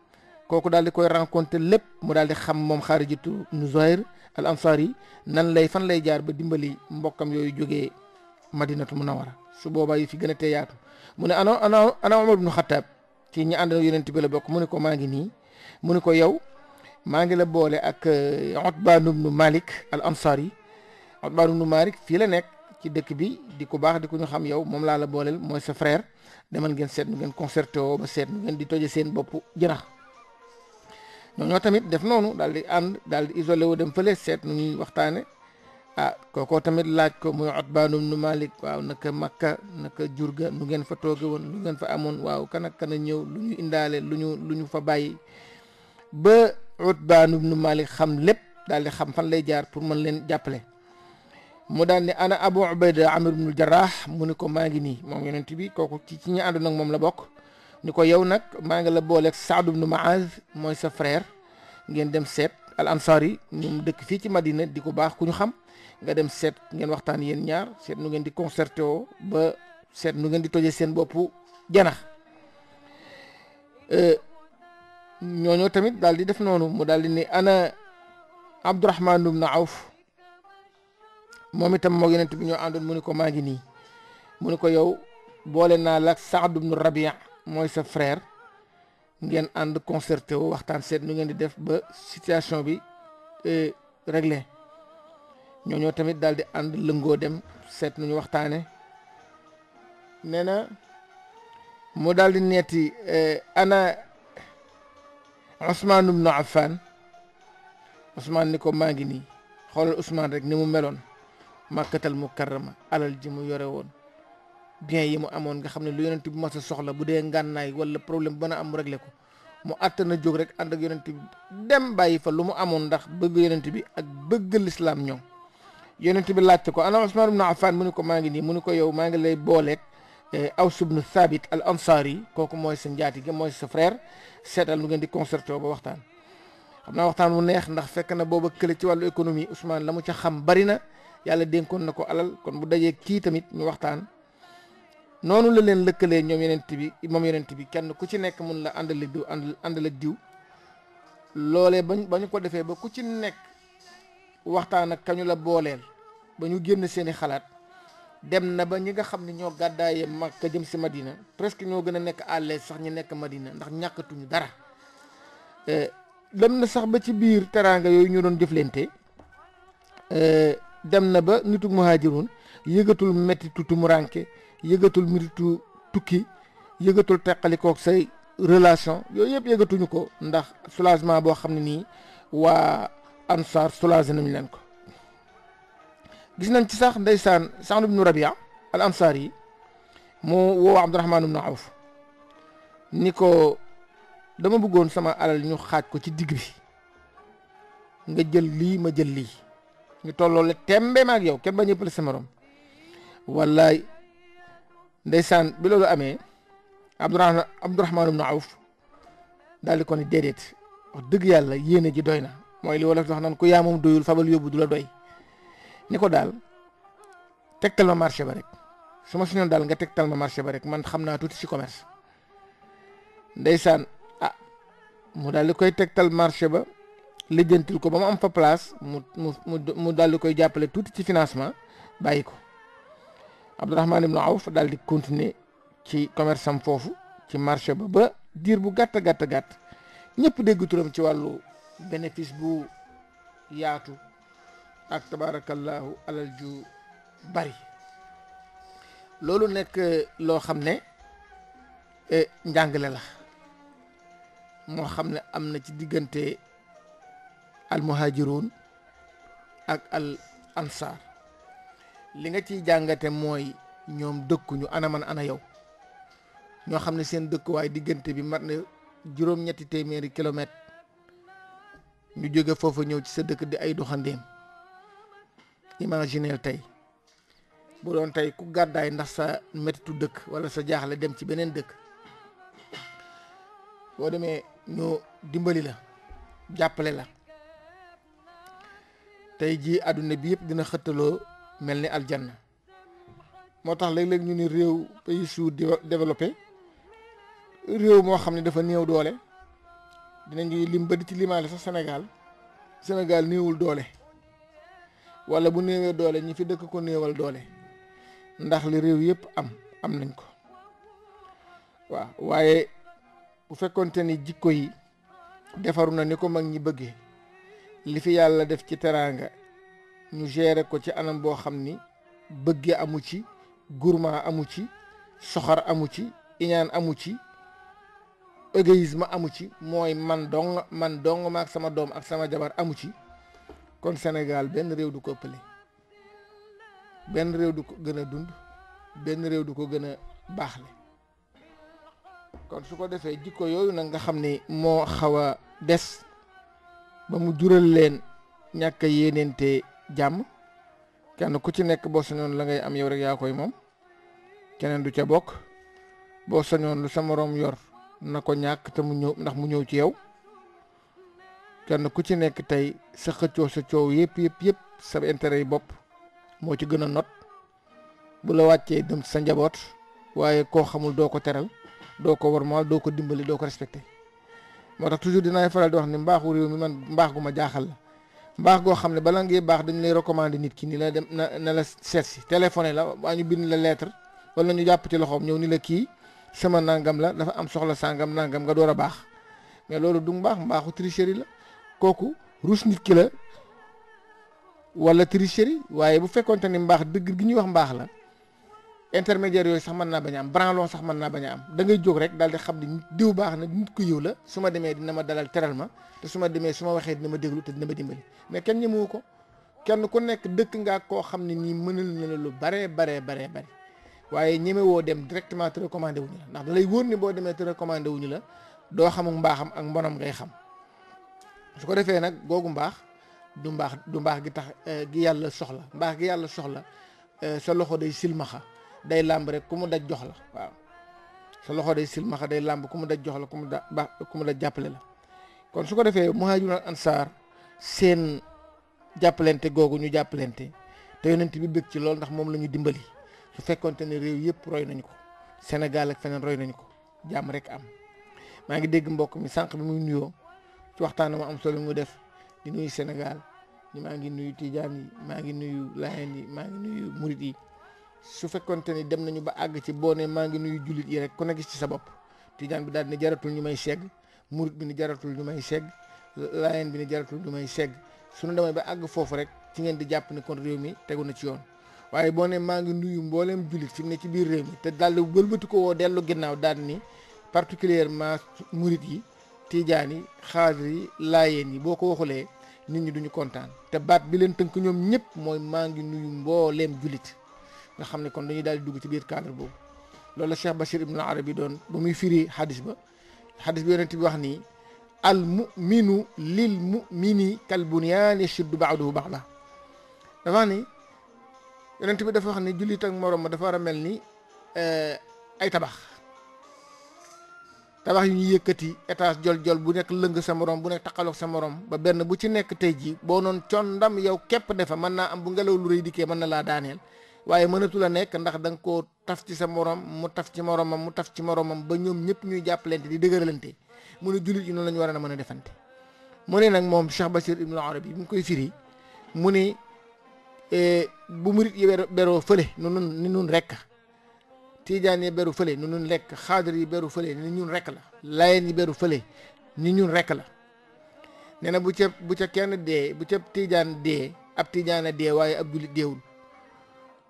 B: kooku daal koy rencontré lépp mu daal di xam moom xaarijitu nu Zuhayr al Ansari nan lay fan lay jaar ba dimbali mbokkam yooyu مدينة المنورة سبوبا في جنة تياتو من أنا أنا أنا عمر بن خطاب تيني أنا يرين تبلا بك من كو ماجني من كو يو ماجي لبولة أك عتبة بن مالك الأنصاري عتبة بن مالك في لنك كي دك بي دي كو باخ دي كو نخام يو مملا لبولة موي سفرير دمان جن سيد نجن كونسرتو بسيد نجن دي توجي سين بابو جنا ñoo tamit def noonu daal di ànd daal di isolé wu dem fële seet nu ñuy waxtaane ah koko tamit laaj ko muy utbanu ibnu Malik waaw naka Makka naka Jurga nu ngeen fa toge won nu ngeen fa amon waaw kan ak kan lu ñu indaale lu ñu lu ñu fa bayyi ba utbanu ibnu Malik xam lepp dal di xam fan lay jaar pour man leen jappale mu dal ne ana Abu Ubayda Amir ibn Jarrah mu ni ko maa ngi nii moom yonent bi koko ci ci ñi àndoon nak mom la bok ni ko yow nak la sa'd ibn moy sa frère ngeen dem set al ansari ñoom dekk fi ci Madina di ko ku ñu xam nga dem seet ngeen waxtaan yéen ñaar seet nu ngeen di concerté woo ba seet nu ngeen di toje seen bopp janax euh, ñooñoo tamit daal di def noonu mu daal di ni ana Abdurahman na Awf moom itam moo yonent bi ñoo àndoon mu ni ko maa ngi nii mu ni ko yow boole naa la Saad ibn Rabia mooy sa frère ngeen ànd concerté woo waxtaan seet nu ngeen di def ba situation bi euh, réglé ñooñoo tamit daal di ànd lëngoo dem seet nañu waxtaane nee na mu daal di neeti eh, ana Ousmane ibnu Affan Ousmane ni ko maa ngi nii xoolal Ousmane rek ni mu meloon màkkatal mu karrama alal ji mu yore woon bien yi mu amoon nga xam ne lu yonent bi mas soxla bu dee ngànnaay wala problème bu mën a am mu réglé ko mu àttan na jóg rek ànd ak yonent bi dem bàyyi fa lu mu amoon ndax bëgg yonent bi ak bëgg lislaam ñoom yonent bi laajte ko ana Usmaan na Affaan mu ni ko maa ngi nii mu ni ko yow maa ngi lay booleeg eh, Aws ibnu Thabit al Ansaari kooku mooy sa njaatige mooy sa frère seetal nu ngeen di concerto ba waxtaan. xam naa waxtaan mu neex ndax fekk na booba kële ci wàllu économie Ousmane la mu ca xam bari na yàlla dénkoon na ko alal kon bu dajee kii tamit ñu waxtaan noonu la leen lëkkalee ñoom yonent bi moom yonent bi kenn ku ci nekk mun la àndale diw àndale diw loole bañ ba ko defee ba ku ci nekk waxtaan ak kañu la booleel ba ñu génn seeni xalaat dem na ba ñi nga xam ni ñoo gàddaaye Makka jëm si Madina presque ñoo gën a nekk à sax ñu nekk Madina ndax ñàkkatuñu dara euh, dem na sax ba ci biir teraanga yooyu ñoo doon jëflante euh, dem na ba nitu muhaajiroon yëgatul mettitu tumuranke yëgatul metitu tukki yëgatul teqalikook say relation yooyu yëpp yëgatuñu ko ndax soulagement boo xam ne nii waa ansaar soulagé nañ leen ko جسنا انتساخ ديسان سعن بن ربيع الأنصاري مو هو عبد الرحمن بن عوف نيكو دما بغون سما على نيو خات كو تي ديغري نغا جيل لي ما جيل لي ني تولو لي تيمبي ماك يو كين با نيبل سمروم والله ديسان بي لولو امي عبد الرحمن عبد الرحمن بن عوف دالي كوني ديديت وخ دغ يالا يينا جي دوينا موي لي ولا تخ نان كو يامم دويول فابل يوبو دولا دوي ni ko dal tektal ma marché ba rek suma suñu dal nga tektal ma marché ba rek man xamna tout ci commerce ndeysaan ah mu dal koy tegtal marché ba lejeentil ko ba mu am fa place mu mu mu dal di koy jàppale tuuti ci financement bayiko Abdourahman ibn Awf dal di continuer ci commerce am fofu ci marché ba ba dir bu gàtt gàtt gàtt ñepp turam ci walu bénéfice bu yaatu ak tabaarakallaahu alal ju bari loolu nekk loo xam ne e, njàngale la moo xam ne am na ci diggante al muhaajiruun ak al ansaar li nga ciy jàngate mooy ñoom dëkkuñu ana man ana yow ñoo xam ne seen dëkkuwaay diggante bi mat na juróom-ñetti téeméeri kilomètre ñu jóge foofu ñëw ci sa dëkk di ay doxandéem imagineel tey bu doon tey ku gàddaay ndax sa méttitu dëkk wala sa jaaxle dem ci beneen dëkk boo demee ñu dimbali la jàppale la tey jii àdduna bi yëpp dina xëttaloo mel ni aljanna moo tax léeg-léeg ñu ni réew pays sous développé réew moo xam ne dafa néew doole dinañuy lim ba di ci limaale sax Sénégal Sénégal néewul doole wala bu néewee doole ñi fi dëkk ko néewal doole ndax li réew yëpp am am nañ ko waaw waaye bu fekkonte ni jikko yi defaru na ni ko mag ñi bëggee li fi yàlla def ci teraanga ñu gérer ko ci anam boo xam ni bëggee amu ci gourmand amu ci soxar amu ci iñaan amu ci égoïsme amu ci mooy man dong man dong maak sama doom ak sama jabar amu ci kon Sénégal benn réew du ko ëppale benn réew du ko gën a dund benn réew du ko gën a baax baaxle kon su ko defee jikko yooyu nag nga xam ni moo xaw a des ba mu jural leen ñàkk a yéeneente jàmm kenn ku ci nekk boo sañoon la ngay am yow rek yaa koy moom keneen du ca bokk boo sañoon lu sa moroom yor na ko ñàkk te mu ñëw ndax mu ñëw ci yow kenn ku ci nekk tey sa xëccoo sa coow yépp yépp yépp sa intérêt yi bopp moo ci gën a not bu la wàccee dem sa njaboot waaye koo xamul doo ko teral doo ko warmaal doo ko dimbali doo ko respecté moo tax toujours dinaay faral di wax ni mbaaxu réew mi man mbaax gu ma jaaxal la mbaax goo xam ne bala ngay baax dañ lay recommander nit ki ni la dem na na la seet si téléphoné la waa ñu bind la lettre wala ñu jàpp ci loxoom ñëw ni la kii sama nangam la dafa am soxla sangam nangam nga door a baax mais loolu du mbaax mbaaxu tricherie la kooku ruus nit ki la wala tricherie waaye bu fekkonte ni mbaax dëgg gi ñuy wax mbaax la intermédiaire yooyu sax man naa bañ a am branlon sax mën naa bañ a am da jóg rek daal di xam ni diw baax na nit ko yiw la su ma demee dina ma dalal teral ma te su ma demee su ma waxee dina ma déglu te dina ma dimbali mais kenn ñemewu ko kenn ku nekk dëkk ngaa koo xam ne nii mënal na la lu baree baree baree bare waaye ñemewoo dem directement te recommandé wuñu la ndax lay wóor ni boo demee te recommandé wuñu la doo xamul mbaaxam ak mbonam xam su ko defee nag googu mbaax du mbaax du mbaax gi tax eh, gi yàlla soxla mbaax gi yàlla soxla eh, sa loxo day silmaxa day làmb rek ku mu daj jox waaw sa loxo day silmaxa day làmb ku mu daj jox la ku mu da baax ku mu daj jàppale la kon su ko defee muhaajirun ak ansaar seen jàppalante googu ñu jàppalante te yonent bi bëgg ci loolu ndax moom la ñu dimbali su fekkonte ne réew yëpp roy nañ ko Sénégal ak feneen roy nañ ko jàmm rek am maa ngi dégg mbokk mi sànq bi muy nuyoo waxtaan ma am solo mu def di nuyu Sénégal maa ngi nuyu Tijaan yi maa ngi nuyu Laayeen yi maa ngi nuyu Murit yi su fekkonte ni dem nañu ba àgg ci boo ne maa ngi nuyu jullit yi rek ku ne ci sa bopp Tijaan bi daal ni jaratul ñu may segg Murit bi ne jaratul ñu may segg Laayeen bi ne jaratul ñu may segg suñu demee ba àgg foofu rek ci ngeen di jàpp ne kon réew mi tegu na ci yoon. waaye boo maa ngi nuyu mbooleem jullit fi mu ci biir te daal di wëlbati ko woo dellu ginnaaw daal ni particulièrement murit yi tiijaan yi xaadir yi yi boo ko waxulee nit ñi duñu kontaan te baat bi leen tënk ñoom ñëpp mooy maa ngi nuyu mbooleem jullit nga xam ne kon dañuy daal di dugg ci biir cadre boobu loolu la Cheikh Bachir Ibn Arabi doon ba muy firi xadis ba xadis bi yonent bi wax nii al muminu lil mumini kal bunyaani yashuddu baax la dafa wax ni yonent bi dafa wax ni jullit ak moroom ma dafa war a mel ni eh, ay tabax tabax yu ñu yëkkati étage jol-jol bu nekk lëng sa moroom bu nekk taqaloog sa moroom ba benn bu ci nekk tey jii boo noon con ndam yow képp defa mën naa am bu ngelaw lu rëy dikkee mën na laa daaneel waaye mënatu a nekk ndax danga koo taf ci sa moroom mu taf ci moromam mu taf ci moromam ba ñoom ñëpp ñuy jàppalante di dëgëralante mu ni jullit yi noonu lañu ñu war a mën a defante mu ne nag moom Cheikh Bachir Ibn Arabi bi mu koy firi mu ne eh, bu murit yi beroo fële nu nun ni tiijaan yi beru fële ni ñun lekk yi beru fële ni ñun rekk la layeen yi beru fële ni ñun rekk la nee na bu ca bu ca kenn dee bu ca tiijaan dee ab tiijaan a dee waaye ab jullit deewul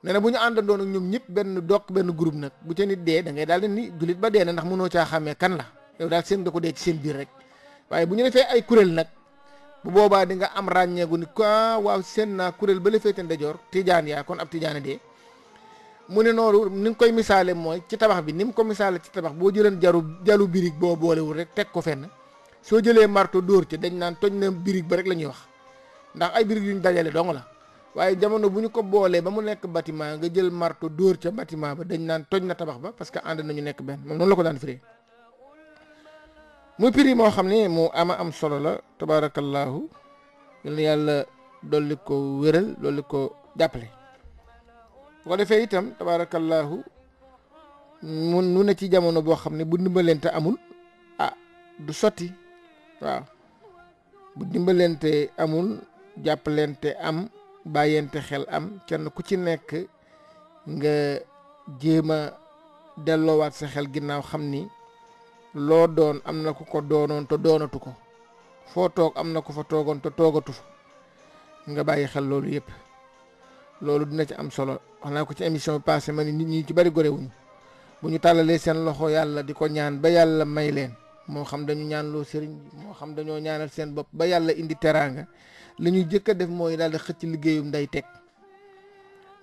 B: nee bu ñu àndandoo nag ñoom ñëpp benn dokk benn groupe nag bu ca nit dee da ngay daal di ni jullit ba dee na ndax mënoo caa xàmmee kan la yow daal seen da ko dee ci seen biir rek waaye bu ñu defee ay kuréel nag bu boobaa di nga am ràññeeku ni quoi ah, waaw seen naa kuréel ba la féete ndajoor tiijaan yaa kon ab tiijaan a mu ne noonu ni nga koy misaale mooy ci tabax bi ni mu ko misaale ci tabax boo jëleen jaru jaru birig boo boolewul rek teg ko fenn soo jëlee marto dóor ci dañ naan toj na birig ba rek la ñuy wax ndax ay birig yu ñu dajale dong la waaye jamono bu ñu ko boolee ba mu nekk bâtiment nga jël marto dóor ca bâtiment ba dañ naan toj na tabax ba parce que ànd nañu nekk benn moom noonu la ko daan firee muy prix moo xam ne mu ama am solo la tabaarakallaahu yal na yàlla dolli ko wéral dolli ko jàppale boo ko defee itam tabaarakallaahu mun nu ne ci jamono boo xam ne bu ndimbalante amul ah du sotti waaw bu dimbalente amul jàppalente am bàyyente xel am kenn ku ci nekk nga jéem a delloowaat sa xel ginnaaw xam ni loo doon am na ku ko doonoon te doonatu ko foo toog am na ku fa toogoon te toogatu fa nga bàyyi xel loolu yëpp loolu dina ci am solo wax naa ko ci émission bi passé ma ni nit ñi ci bari gore wuñ bu ñu tàllalee seen loxo yàlla di ko ñaan ba yàlla may leen moo xam dañu ñaan loo sëriñ moo xam dañoo ñaanal seen bopp ba yàlla indi teraanga li ñuy jëkk def mooy daal di xëcc liggéeyum nday teg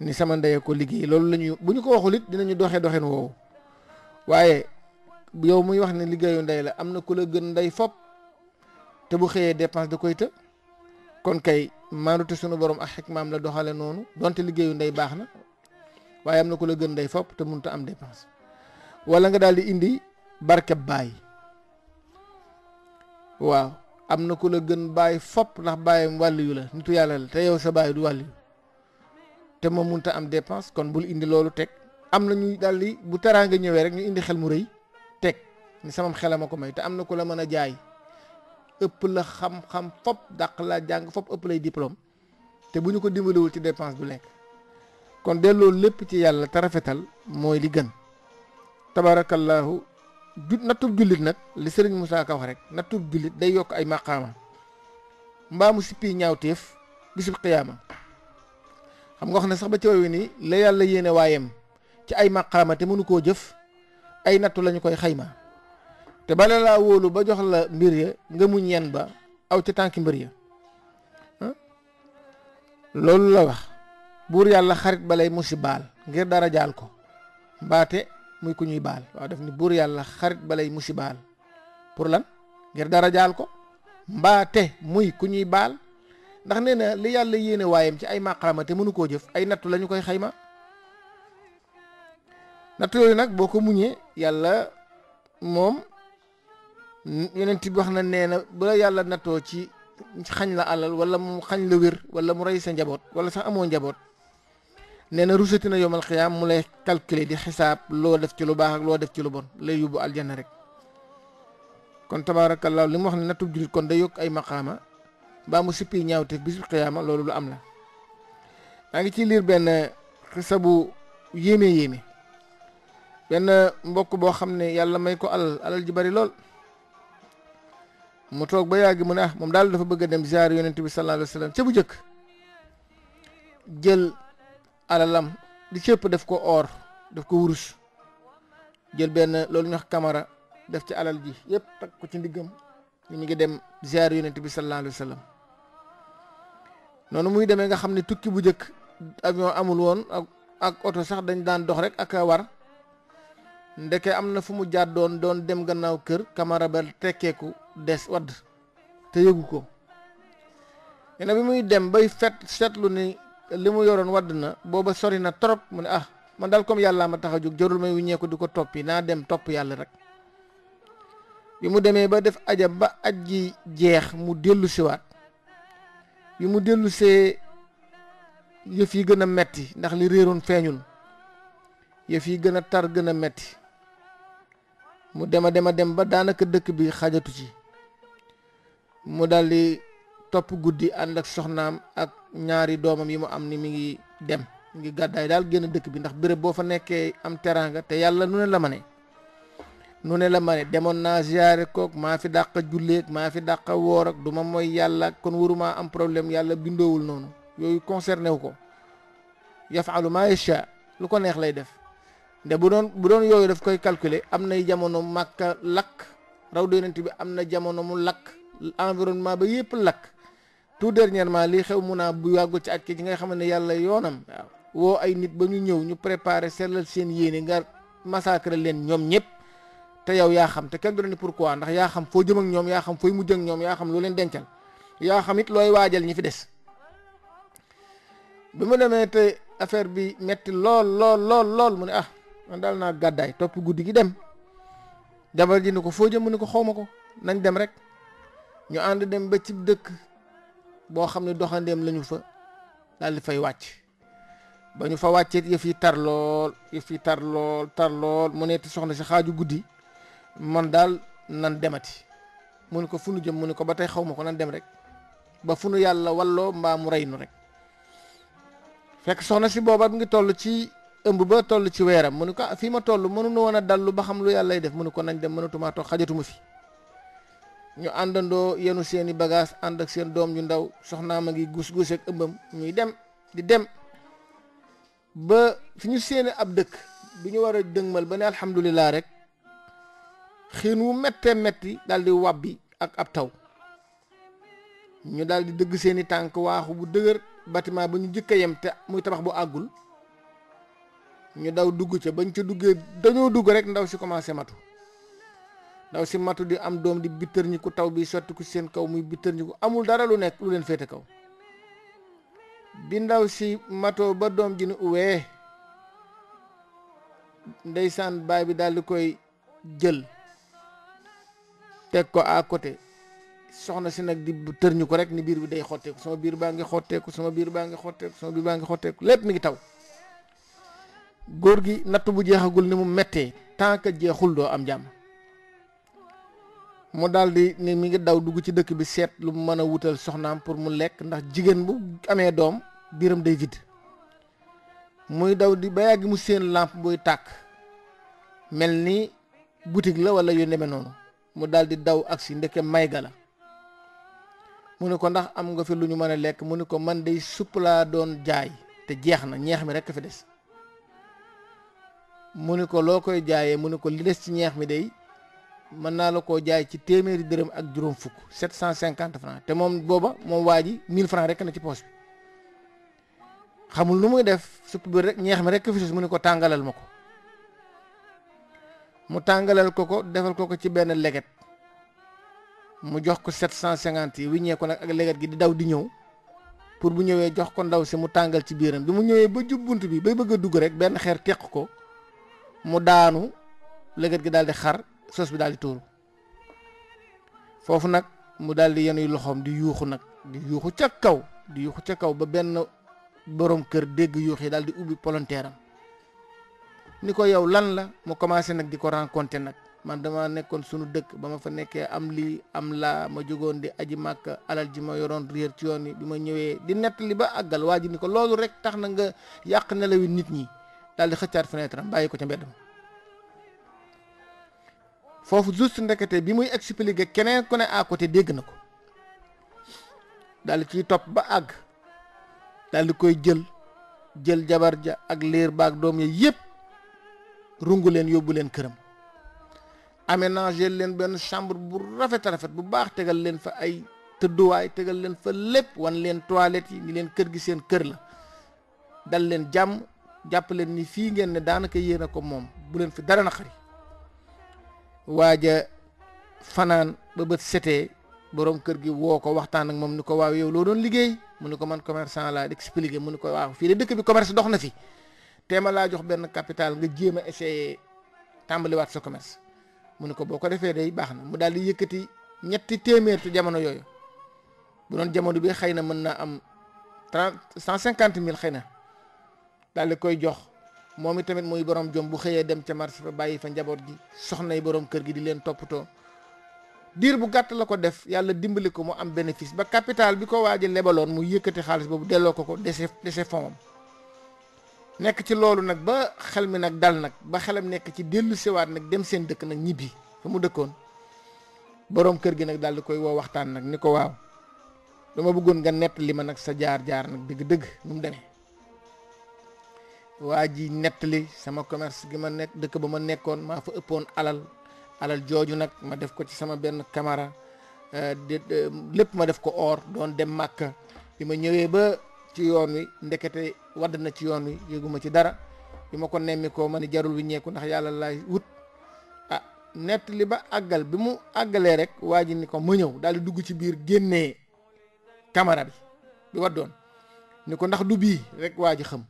B: ni sama ndey ko liggéey loolu la ñuy bu ñu ko waxul it dinañu doxee doxeen woowu waaye yow muy wax ne liggéeyu ndey la am na ku la gën ndey fopp te bu xëyee dépense da koy të kon kay maanute sunu borom ak maam la doxale noonu donte liggéeyu ndey baax na waaye am na ku la gën ndey fopp te mënut a am dépense wala nga daal di indi barkeb baay waaw am na ku la gën baay fopp ndax baayam wàll yu la yàlla la sa baay du wàll moom mënut a am dépense kon bul indi loolu teg am na ñuy daal di bu teraanga ñëwee rek ñu indi xel mu rëy teg ni sama xelama ko may te am na ku la mën a jaay. ëpp la xam-xam fop dàq laa jàng fop ëpp lay diplôme te bu ñu ko dimbalewul ci dépense du lekk kon delloo lépp ci yàlla te rafetal mooy li gën tabarakallahu ju nattub jullit nag li sëriñ Moussa Ka wax rek nattub jullit day yokk ay maqaama mbaamu sippi ñaawteef bisub qiyaama xam nga wax ne sax ba ci nii la yàlla yéene waayem ci ay maqaama te mënu koo jëf ay nattu lañu koy xayma te bala laa wóolu ba jox la mbir ya nga muñ yen ba aw ci tànki mbir ya loolu la wax buur yàlla xarit balay musi baal ngir dara jaal ko mbaate muy ku ñuy baal waaw def ni buur yàlla xarit balay musi baal pour lan ngir dara jaal ko mbaate muy ku ñuy baal ndax nee na li yàlla yéene waayam ci ay maqaama te mënu koo jëf ay nattu lañu koy xayma nattu yooyu nag boo ko muñee yàlla moom yeneen bi wax na nee na bu la yàlla nattoo ci xañ la alal wala mu xañ la wér wala mu rey sa njaboot wala sax amoo njaboot nee na rusati na yomal xiyaam mu lay calculer di xisaab loo def ci lu baax ak loo def ci lu bon lay yóbbu aljanna rek kon tabaarakallaa li mu wax ne nattub jullit kon day yokk ay maqaama baa mu sippi ñaawte bisu xiyaama loolu lu am la ngi ciy liir benn xisa bu yéeme yéeme benn mbokk boo xam ne yàlla may ko alal alal ji bari lool mu toog ba yàgg mu ne ah moom daal dafa bëgg a dem ziar yonent bi sallallahu alayhi wa bu njëkk jël alalam di cëpp def ko or def ko wurus jël benn loolu ñu kamara def ci alal ji yëpp takk ko ci ndiggam ñu ngi dem ziar yonent bi sallallahu alayhi wa noonu muy demee nga xam ne tukki bu njëkk avion amul woon ak ak oto sax dañ daan dox rek ak war ndeke am na fu mu jàddoon doon dem gannaaw kër kamara ba tekkeeku des wad te yëgu ko nee bi muy dem bay fet setlu ni limu yoron wad na boba sori na trop mun ah man dal comme yalla ma tax jorul may wiñeku diko topi na dem top yalla rek bi mu deme ba def aja ba aj jeex mu ci wat bi mu delu see yëf yi gëna metti ndax li réeroon feñun yëf yi gëna tar gëna metti mu dema dema dem ba danaka dekk bi xajatu ci mu di topp guddi ànd ak soxnaam ak ñaari doomam yi mu am ni mi ngi dem mi ngi gàddaay daal génn dëkk bi ndax béréb boo fa nekkee am teraanga te yàlla nu ne la mane ne nu ne la ma demoon naa ziyaare kook maa fi dàq julleeg maa fi dàq woor ak du ma mooy yàlla kon waruma am problème yàlla bindoowul noonu yooyu concerné wu ko yafalu ma yasha lu ko neex lay def nde bu doon bu doon yooyu daf koy calculer am nay jamono màkka lakk raw yonent bi am na jamono mu lakk environnement ba yëpp lakk tout dernièrement lii xew mun naa bu yàggul ci at ki ngay xam ne yàlla yoonam woo ay nit ba ñu ñëw ñu préparer sellal seen yéene nga massacre leen ñoom ñëpp te yow yaa xam te kenn du ne pourquoi ndax yaa xam foo jëm ak ñoom yaa xam fooy mujj ak ñoom yaa xam loo leen dencal yaa xam it looy waajal ñi fi des bi mu demee te affaire bi metti lool lool lool mu ne ah man daal naa gàddaay topp guddi gi dem jabar ji ni ko foo jëm mu ne ko xaw ko nañ dem rek ñu ànd dem ba cib dëkk boo xam ne doxandeem lañu fa daal fay wàcc ba ñu fa wàccee yëf yi tar lool yëf yi tar lool tar lool mu ne soxna si xaaju guddi man daal nan demati mu ne ko fu nu jëm mu ni ko ba tey xaw ma ko nan dem rek ba fu nu yàlla walloo mbaa mu rey nu rek fekk soxna si booba mu ngi toll ci ëmb ba toll ci weeram mu ne ko ah, fii ma toll mënuñu woon a dallu ba xam lu yàllay def mu ne ko nañ dem mënatumaa toog xajatuma fi ñu andando yenu seeni bagage and ak seen doom ñu ndaw soxna ma ngi gus-gus ak ëmbam ñuy dem di dem ba fi ñu seeni ab dëkk bi ñu war dëngmal ba ne alhamdullilah rek wu mette metti daal di ak ab taw ñu daal di dëgg seeni tànk waaxu bu dëgër bâtiment ba ñu yam yem te muy tabax bu àggul ñu daw dugg ca bañ ca duggee dañoo dugg rek ndaw si commencé matu ndaw si matu di am doom di bittër ñi ku taw bi sotti ku seen kaw muy bittër ñi ko amul dara lu nekk lu leen féete kaw bi ndaw si mato ba doom ji ni uwee ndeysaan baay bi daal di koy jël teg ko à côté soxna si nag di tër ñu ko rek ni biir bi day xotteeku sama biir baa ngi xotteeku sama biir baa ngi xotteeku sama biir baa ngi xotteeku lépp mi ngi taw góor gi natt bu jeexagul ni mu mettee tant que jeexul doo am jàmm mu daldi di ne mi ngi daw dugg ci dëkk bi seet lu mu mën a wutal soxnaam pour mu lekk ndax jigéen bu amee doom biram day vide muy daw di ba yàgg mu seen làmp buy tàkk mel ni boutique la wala yu demee noonu mu daal di daw ak si may mayga la mu ne ko ndax am nga fi lu ñu mën a lekk mu ne ko man dey supp laa doon jaay te jeex na ñeex mi rekk fi des mu ni ko loo koy jaayee mu ne ko li des ci ñeex mi day mën naa la koo jaay ci téeméeri dërëm ak juróom fukk sept cent cinquante franc te moom booba moom waa ji mille franc rekk na ci poche bi xamul lu muy def supp bi rek ñeex mi rek mu ne ko tàngalal ma ko mu tàngalal ko ko defal ko ko ci benn leget mu jox ko sept cent cinquante yi wiññee ko nag ak leget gi di daw di ñëw pour bu ñëwee jox ko ndaw si mu tàngal ci biiram bi mu ñëwee ba jub bunt bi bay bëgg a dugg rek benn xeer teq ko mu daanu leget gi daal di xar sos bi daal di tuuru foofu nag mu daal di yenuy loxoom di yuuxu nag di yuuxu ca kaw di yuuxu ca kaw ba benn boroom kër dégg yuux yi daal di ubbi polonteeram ni ko yow lan la mu commencé nag di ko rencontré nag man dama nekkoon sunu dëkk ba ma fa nekkee am lii am laa ma jógoon di aji màkk alal ji ma yoroon réer ci yoon yi bi ma ñëwee di nettali ba àggal waa ji ni ko loolu rek tax na nga yàq nelawi nit ñi daal di xëccaat fenêtre am bàyyi ko ca mbedd ma foofu juste ndekete bi muy expliquer keneen ku ne à côté dégg na ko daal di ciy topp ba àgg daal di koy jël jël jabar ja ak leer baag doom yi yëpp rungu leen yóbbu leen këram aménager leen benn chambre bu rafet a rafet bu baax tegal leen fa ay tëdduwaay tegal leen fa lépp wan leen toilette yi ni leen kër gi seen kër la dal leen jàmm jàpp leen ni fii ngeen ne daanaka yéen ko moom bu leen fi dara naqari waaja fanaan ba bët setee borom kër gi woo ko waxtaan ak moom ni ko waaw yow loo doon liggéey mu ni ko man commerçant laa expliqué mu ni ko waaw fii de dëkk bi commerce dox na fi téema laa jox benn capital nga jéem a essayé tàmbaliwaat sa commerce mu ni ko boo ko defee day baax na mu daal di yëkkati ñetti téeméer ci jamono yooyu bu doon jamono bi xëy na mën naa am trente cent cinquante mille xëy na daal di koy jox momi tamit moy borom jom bu xeye dem ci marché ba bàyyi fa njabot gi soxna yi borom kër gi di len toppatoo dir bu gatt la ko def yalla dimbali ko mu am bénéfice ba capital bi ko waji lebalon mu yëkëti xaaliss bobu delo ko ko déssé déssé fondam nek ci lolu nak ba xelmi nak dal nak ba xelam nek ci ci siwaat nak dem sen dëkk nak ñibi fa mu dëkkoon borom kër gi nak dal di koy wo waxtaan nak niko ko waaw dama bëggoon nga nett lima nak sa jaar jaar nak dëgg-dëgg nu demee waa ji nettali sama commerce gi ma nekk dëkk ba ma nekkoon maa fa ëppoon alal alal jooju nag ma def ko ci sama benn kamara euh, lépp ma def ko or doon dem màkka bi ma ñëwee ba ci yoon wi ndekete wadd na ci yoon wi yëguma ci dara bi ma ko nemmi ko ma ni jarul wi ñeeku ndax yàlla laay wut ah nettali ba àggal bi mu àggalee rek waa ji ni ko ma ñëw daal di dugg ci biir génnee camara bi bi waddoon ni ko ndax du bii rek waa ji xam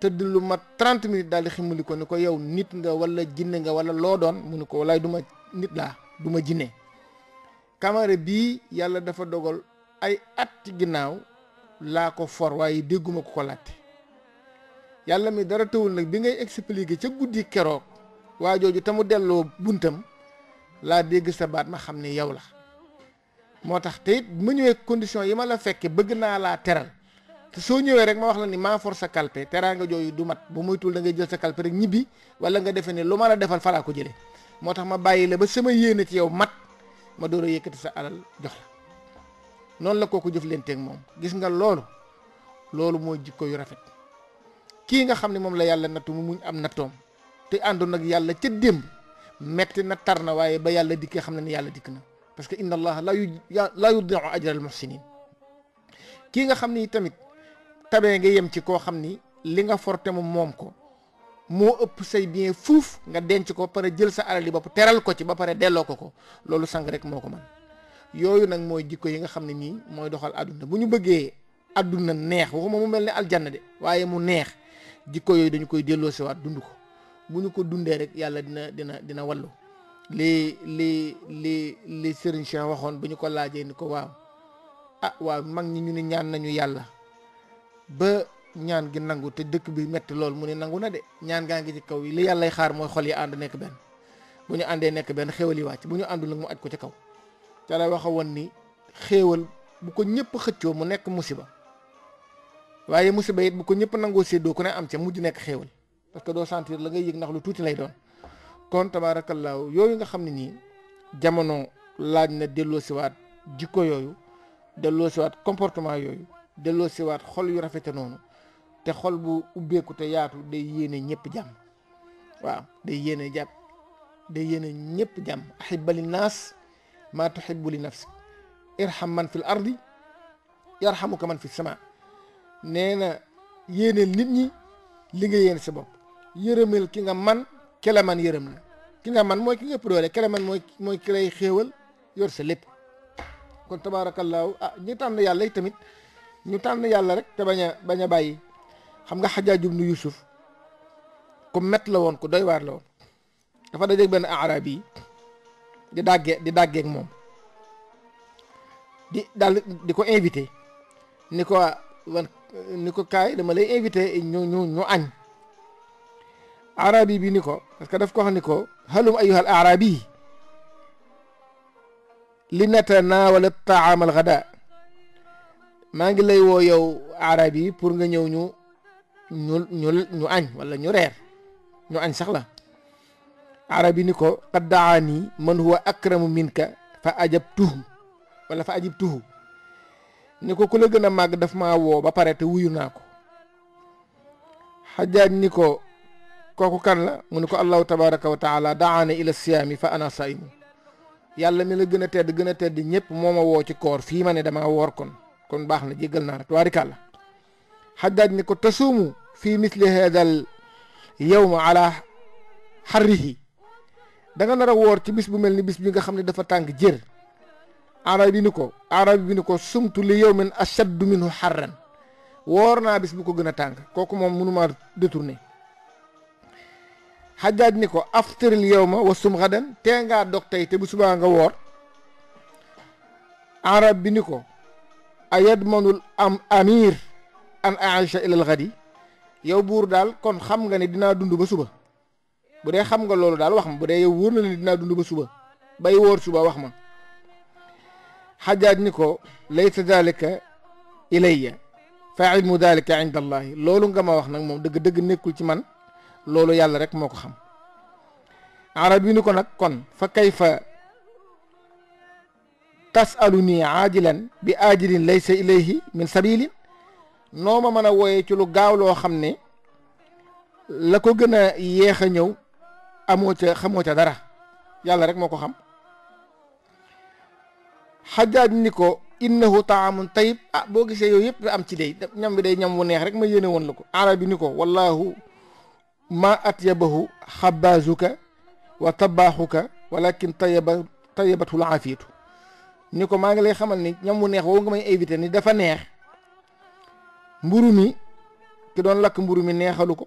B: tëdd lu mat trente minutes daal di ximmali ko ni ko yow nit nga walla jinne nga wala loo doon mu ni ko walaay du ma nit laa du ma jinne Kamara bii yàlla dafa dogal ay at ginnaaw laa ko for waaye dégguma ko ko laajte yàlla mi dara tëwul nag bi ngay expliquer ca guddi keroog waa jooju te mu delloo buntam laa dégg sa baat ma xam ne yow la moo tax te it ma ñëwee condition yi ma la fekke bëgg naa laa teral te soo rek ma wax la ni ma for sa kalpe teraanga jooyu du mat bu tul da ngay jël sa kalpe rek ñibi wala nga ni lu ma la defal fala ko jëlé motax ma bayyi la ba sama yéene ci yow mat ma doora yëkëti sa alal jox la non la kooku ak mom gis nga loolu loolu moy jikko yu rafet ki nga xamni mom la yalla natum mu am natom te àndoon ak yalla ci dem metti na tarna waye ba yalla dikki xamna ni yalla dikk parce que inna allah la yu ya, la yudiu al muhsinin ki nga xamni tamit tabee nga yem ci koo xam ni li nga forte mu moom ko moo ëpp say bien fuuf nga denc ko pare jël sa alal yi bopp teral ko ci ba pare delloo ko ko loolu sang rek moo ko man yooyu nag mooy jikko yi nga xam ne nii mooy doxal àdduna bu ñu bëggee àdduna neex waxuma mu mel ni aljanna de waaye mu neex jikko yooyu dañu koy delloo siwaat dund ko bu ñu ko dundee rek yàlla dina dina dina wallu li li li li Serigne Cheikh waxoon bu ñu ko laajee ni ko waaw ah waaw mag ñi ñu ñaan nañu yàlla ba ñaan gi nangu te dëkk bi metti lool mu ne nangu na de ñaan gaa ngi ci kaw yi li yàlla yàllay xaar mooy xol yi ànd nekk benn bu ñu àndee nekk benn xéewal yi wàcc bu ñu àndul nag mu aj ko ci kaw ca la waxa woon ni xéewal bu ko ñëpp xëccoo mu nekk musiba waaye musiba it bu ko ñëpp nangoo séddoo ko ne am ca mujj nekk xéewal parce que doo sentir la ngay yëg nax lu tuuti lay doon kon tabaarakallaahu yooyu nga xam ne nii jamono laaj na delloo siwaat jikko yooyu delloo siwaat yooyu delloo siwaat xol yu rafete noonu te xol bu ubbeeku te yaatu day yéene ñëpp jàmm waaw day yéene jàpp day yéene ñëpp jàmm ahibba li naas maa tuhibbu li nafsi irham man fil ardi yarhamuka man fi sama nee na yéeneel nit ñi li nga yéene sa bopp yërëmeel ki nga man kele man yërëm la ki nga man mooy ki nga ëpp doole kele man mooy mooy ki lay xéewal yor sa lépp kon tabaarakallaahu ah ñi tànn yàlla tamit ñu tànn yàlla rek te bañ a bañ a bàyyi xam nga Xajaaj ibnu Yuusuf ku met la woon ku doy waar la woon dafa dajeeg benn arab yi di dàggee di dàggeeg moom di daal di ko invité ni ko wan ni ko kaay dama lay invité ñu ñu ñu añ arabi bii ni ko parce que daf ko wax ni ko halum ayyuhal arabi li natanawala taam al ghadaa maa ngi lay woo yow arab yi pour nga ñëw ñu ñu ñu ñu añ wala ñu reer ñu añ sax la arab yi ni ko daa nii man huwa akramu minka fa ajab tuhu wala fa ajib tuhu ni ko ku la gën a màgg daf maa woo ba pare te wuyu naa ko xajaaj ni ko kooku kan la mu ne ko allahu tabaraka wa taala daana ila siyaami fa ana saimu yàlla mi la gën a tedd gën a tedd ñëpp moo ma woo ci koor fii ma ne damaa woor kon kon baax na jéggal naa la tubaarikàlla xaddaaj ni ko tasuumu fii misli haadal yowma ala xari da nga nar a woor ci bis bu mel ni bis bi nga xam ne dafa tànk jër arab bi ni ko arab bi ni ko sumtu li yowmin ashaddu minhu xarran woor naa bis bu ko gën a tàng kooku moom mënumaa détourné xajaaj ni ko aftiril yowma wa sum xadan tee ngaa dog tey te bu subaa nga woor arab bi ni ko ايدمن الام امير ان اعيش الى الغد يو بور دال كون خم غني دينا دوندو با صبا بودي خم غا لولو دال واخم بودي يو ورنا دينا دوندو با صبا باي وور صبا واخما حجاج نيكو ليس ذلك الي فعلم ذلك عند الله لولو غما واخ نك موم دغ دغ نيكول سي مان لولو يالا رك موكو خم عربي نيكو نك كون فكيف tasaluni aajilan bi aajilin laysa ilayhi min sabilin noo ma mën a wooye ci lu gaaw loo xam ne la ko gën a yéex a ñëw amoo ca xamoo ca dara yàlla rek moo ko xam xajaaj ni ko innahu taamun tayib ah boo gisee yooyu yëpp am ci day ñam bi day ñam wu neex rek ma yéene woon la ko arabi ni ko wallahu ma atyabahu xabaazuka wa tabaaxuka walakin tayaba tayabatul aafiitu niko ma maa ngi lay xamal ni ñam wu neex wo nga may invité ni dafa neex mburu mi ki doon lak mburu mi neexalu ko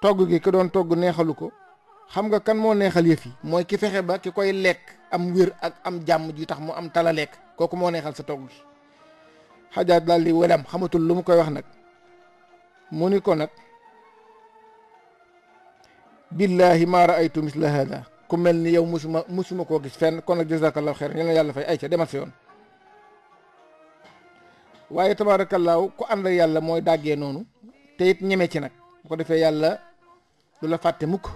B: togg gi ki doon togg neexalu ko xam nga kan moo neexal yëf yi mooy ki fexe ba ki koy lekk am wér ak am jàmm ji tax mu am tala lekk kooku moo neexal sa togg gi xajaat daal di wedam xamatul lu mu koy wax nag mu ni ko nag billahi ma raaytu misla hada ku mel ni yow musuma musuma koo gis fenn kon nag jazakallahu xeer yal na yàlla fay ay ca demal si yoon waaye tabaarakallaahu ku ànd yàlla mooy daggee noonu te ñemee ci nag bu ko defee yàlla du la fàtte mukk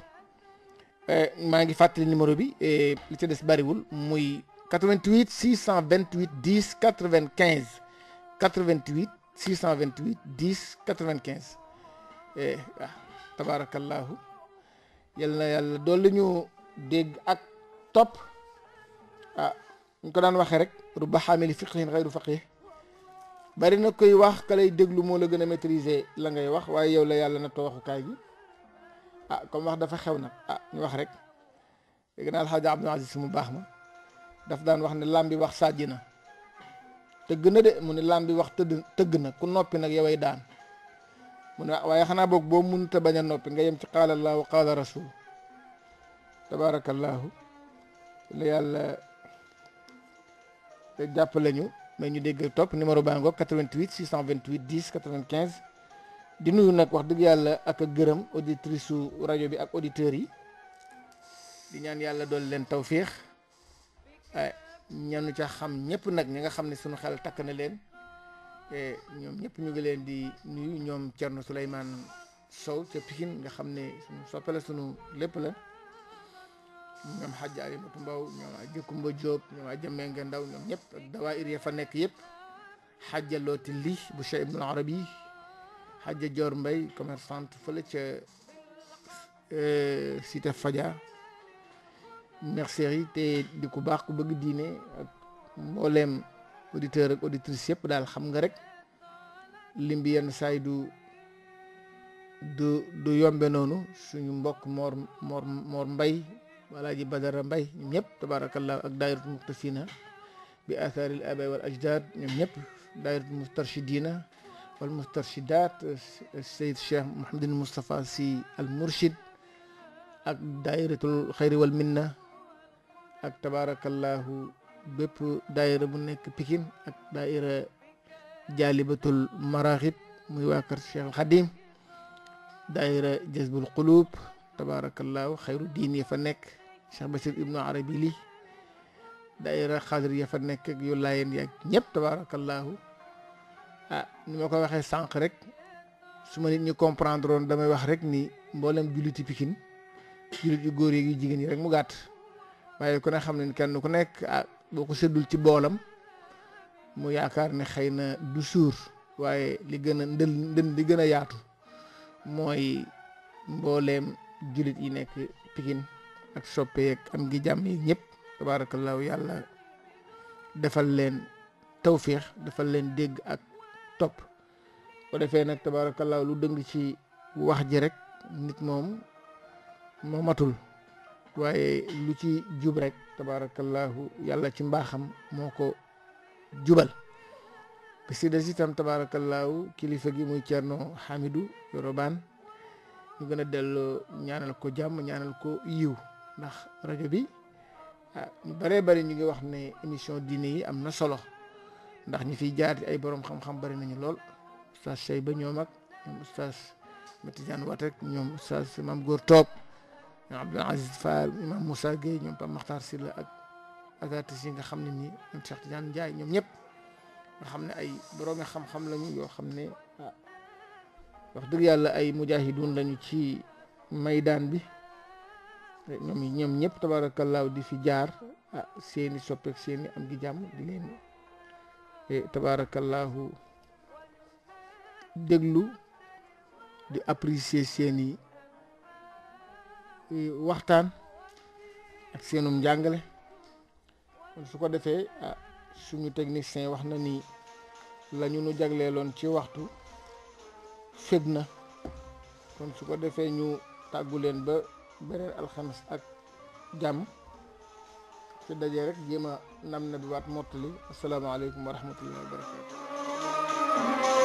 B: eh, maa ngi fàttali numéro bi eh, li ci des bariwul muy 88 628 10 95 88 628 10 95 waaw tabaarakallaahu yal na yàlla dolli ñu. dégg ak topp ah ñu ko daan waxee rek rubba xaamili fiqhin xayru faqih bari na koy wax ka lay déglu moo la gën a maitrise la ngay wax waaye yow la yàlla na too waxukaay gi ah comme wax dafa xew nag ah ñu wax rek dégg naa alxaaja Abdul Aziz mu baax ma daf daan wax ne lam bi wax sàjji na tëgg na de mu ne lam bi wax tëdd tëgg na ku noppi nag yoway daan mu ne waaye xanaa boog boo munta bañ a noppi nga yem ci qaala allah wa qaala rasul tabaarakallaahu la yàlla jàpp lañu ñu mais ñu dégg topp numéro baa ngoog 88 628 10 95 di nuyu nag wax dëgg yàlla ak a gërëm auditrice su rajo bi ak auditeurs yi di ñaan yàlla doon leen tawféex ñanu ca xam ñëpp nag ñi nga xam ne suñu xel takk na leen e, ñoom ñëpp ñu ngi leen di nuyu ñoom Thierno Souleymane Sow ca Pikine nga xam ne suñu soppe la suñu lépp la ñoom Hadj Alimatu Mbaw ñoom Hadj Kumba Diop ñoom Hadj Menge Ndaw ñoom ñëpp ak dawaayir ya fa nekk yëpp xajjalooti li bu Cheikh Ibnul Arabi Hadj Dior Mbaye commerçante fële ca euh, Cité Fadia mercerie te di ku baax ku bëgg diine ak mbooleem auditeur ak auditrice yëpp daal xam nga rek lim bi yenn saay du du du yombe noonu suñu mbokk Mor Mor Mor والاجي بدر مباي نيب تبارك الله اك دائرة المقتسينة بآثار الآباء والأجداد نيب دائرة المسترشدين والمسترشدات السيد الشيخ محمد المصطفى سي المرشد اك دائرة الخير والمنة اك تبارك الله بيب دائرة منك بكين اك دائرة جالبة المراغب ميواكر الشيخ الخديم دائرة جذب القلوب tabaarakallaahu xayru diin ya fa nekk Cheikh Bachir Ibnu Arabi lii daayira xaadir ya fa nekk ak yu laayeen yaag ñëpp tabaarakallaahu ah ni ma ko waxee sànq rek su ma nit ñu comprendre woon damay wax rek ni mboolem julliti Pikine jullit yu góor yi gi jigéen yi rek mu gàtt waaye ku ne xam ne kenn ku nekk ah boo ko séddul ci boolam mu yaakaar ne xëy na du suur waaye li gën a ndël ndën li gën a yaatu mooy mbooleem jullit yi nekk Pikine ak soppe yeeg am gi jàmm yi ñëpp tabaarakallaahu yàlla defal leen tawfiix defal leen dégg ak topp bu defee nag tabaarakallaahu lu dëng ci wax ji rek nit moom moomatul waaye lu ci jub rek tabaarakallaahu yàlla ci mbaaxam moo ko jubal bi si des itam kilifa gi muy Cerno Hamidou Yoroban ñu gën a delloo ñaanal ko jàmm ñaanal ko yiw ndax rajo bi ah ñu bëree ñu ngi wax ne émission diine yi am na solo ndax ñi fi jaar ay borom xam-xam bëri nañu lool oustaz Sey ba ñoom ak ñoom oustaz Matijaan Wat ak ñoom oustaz Maam Góor toog ñoom Abdul Aziz Fall Imam Moussa Gueye ñoom Pape Makhtar Sylla ak artistes yi nga xam ne nii ñoom Cheikh Tidiane Ndiaye ñoom ñëpp nga xam ne ay borom xam-xam lañu yoo xam ne. wax dëgg yàlla ay mujahidun lañu ci maydaan bi ñoom ñoom ñëpp tabaarakallaahu di fi jaar ah seeni soppeek seeni am gi jàmm di leen eh, tabaarakallaahu déglu di apprécier seeni eh, waxtaan ak seenum njàngale su ko defee ah suñu technicien wax na ni lañu nu jagleeloon ci waxtu sëg na kon su ko defee ñu tàggu leen ba beneen alxames ak jàmm su dajee rek jéem a nam na bi waat mottali asalaamaaleykum wa rahmatullahi wa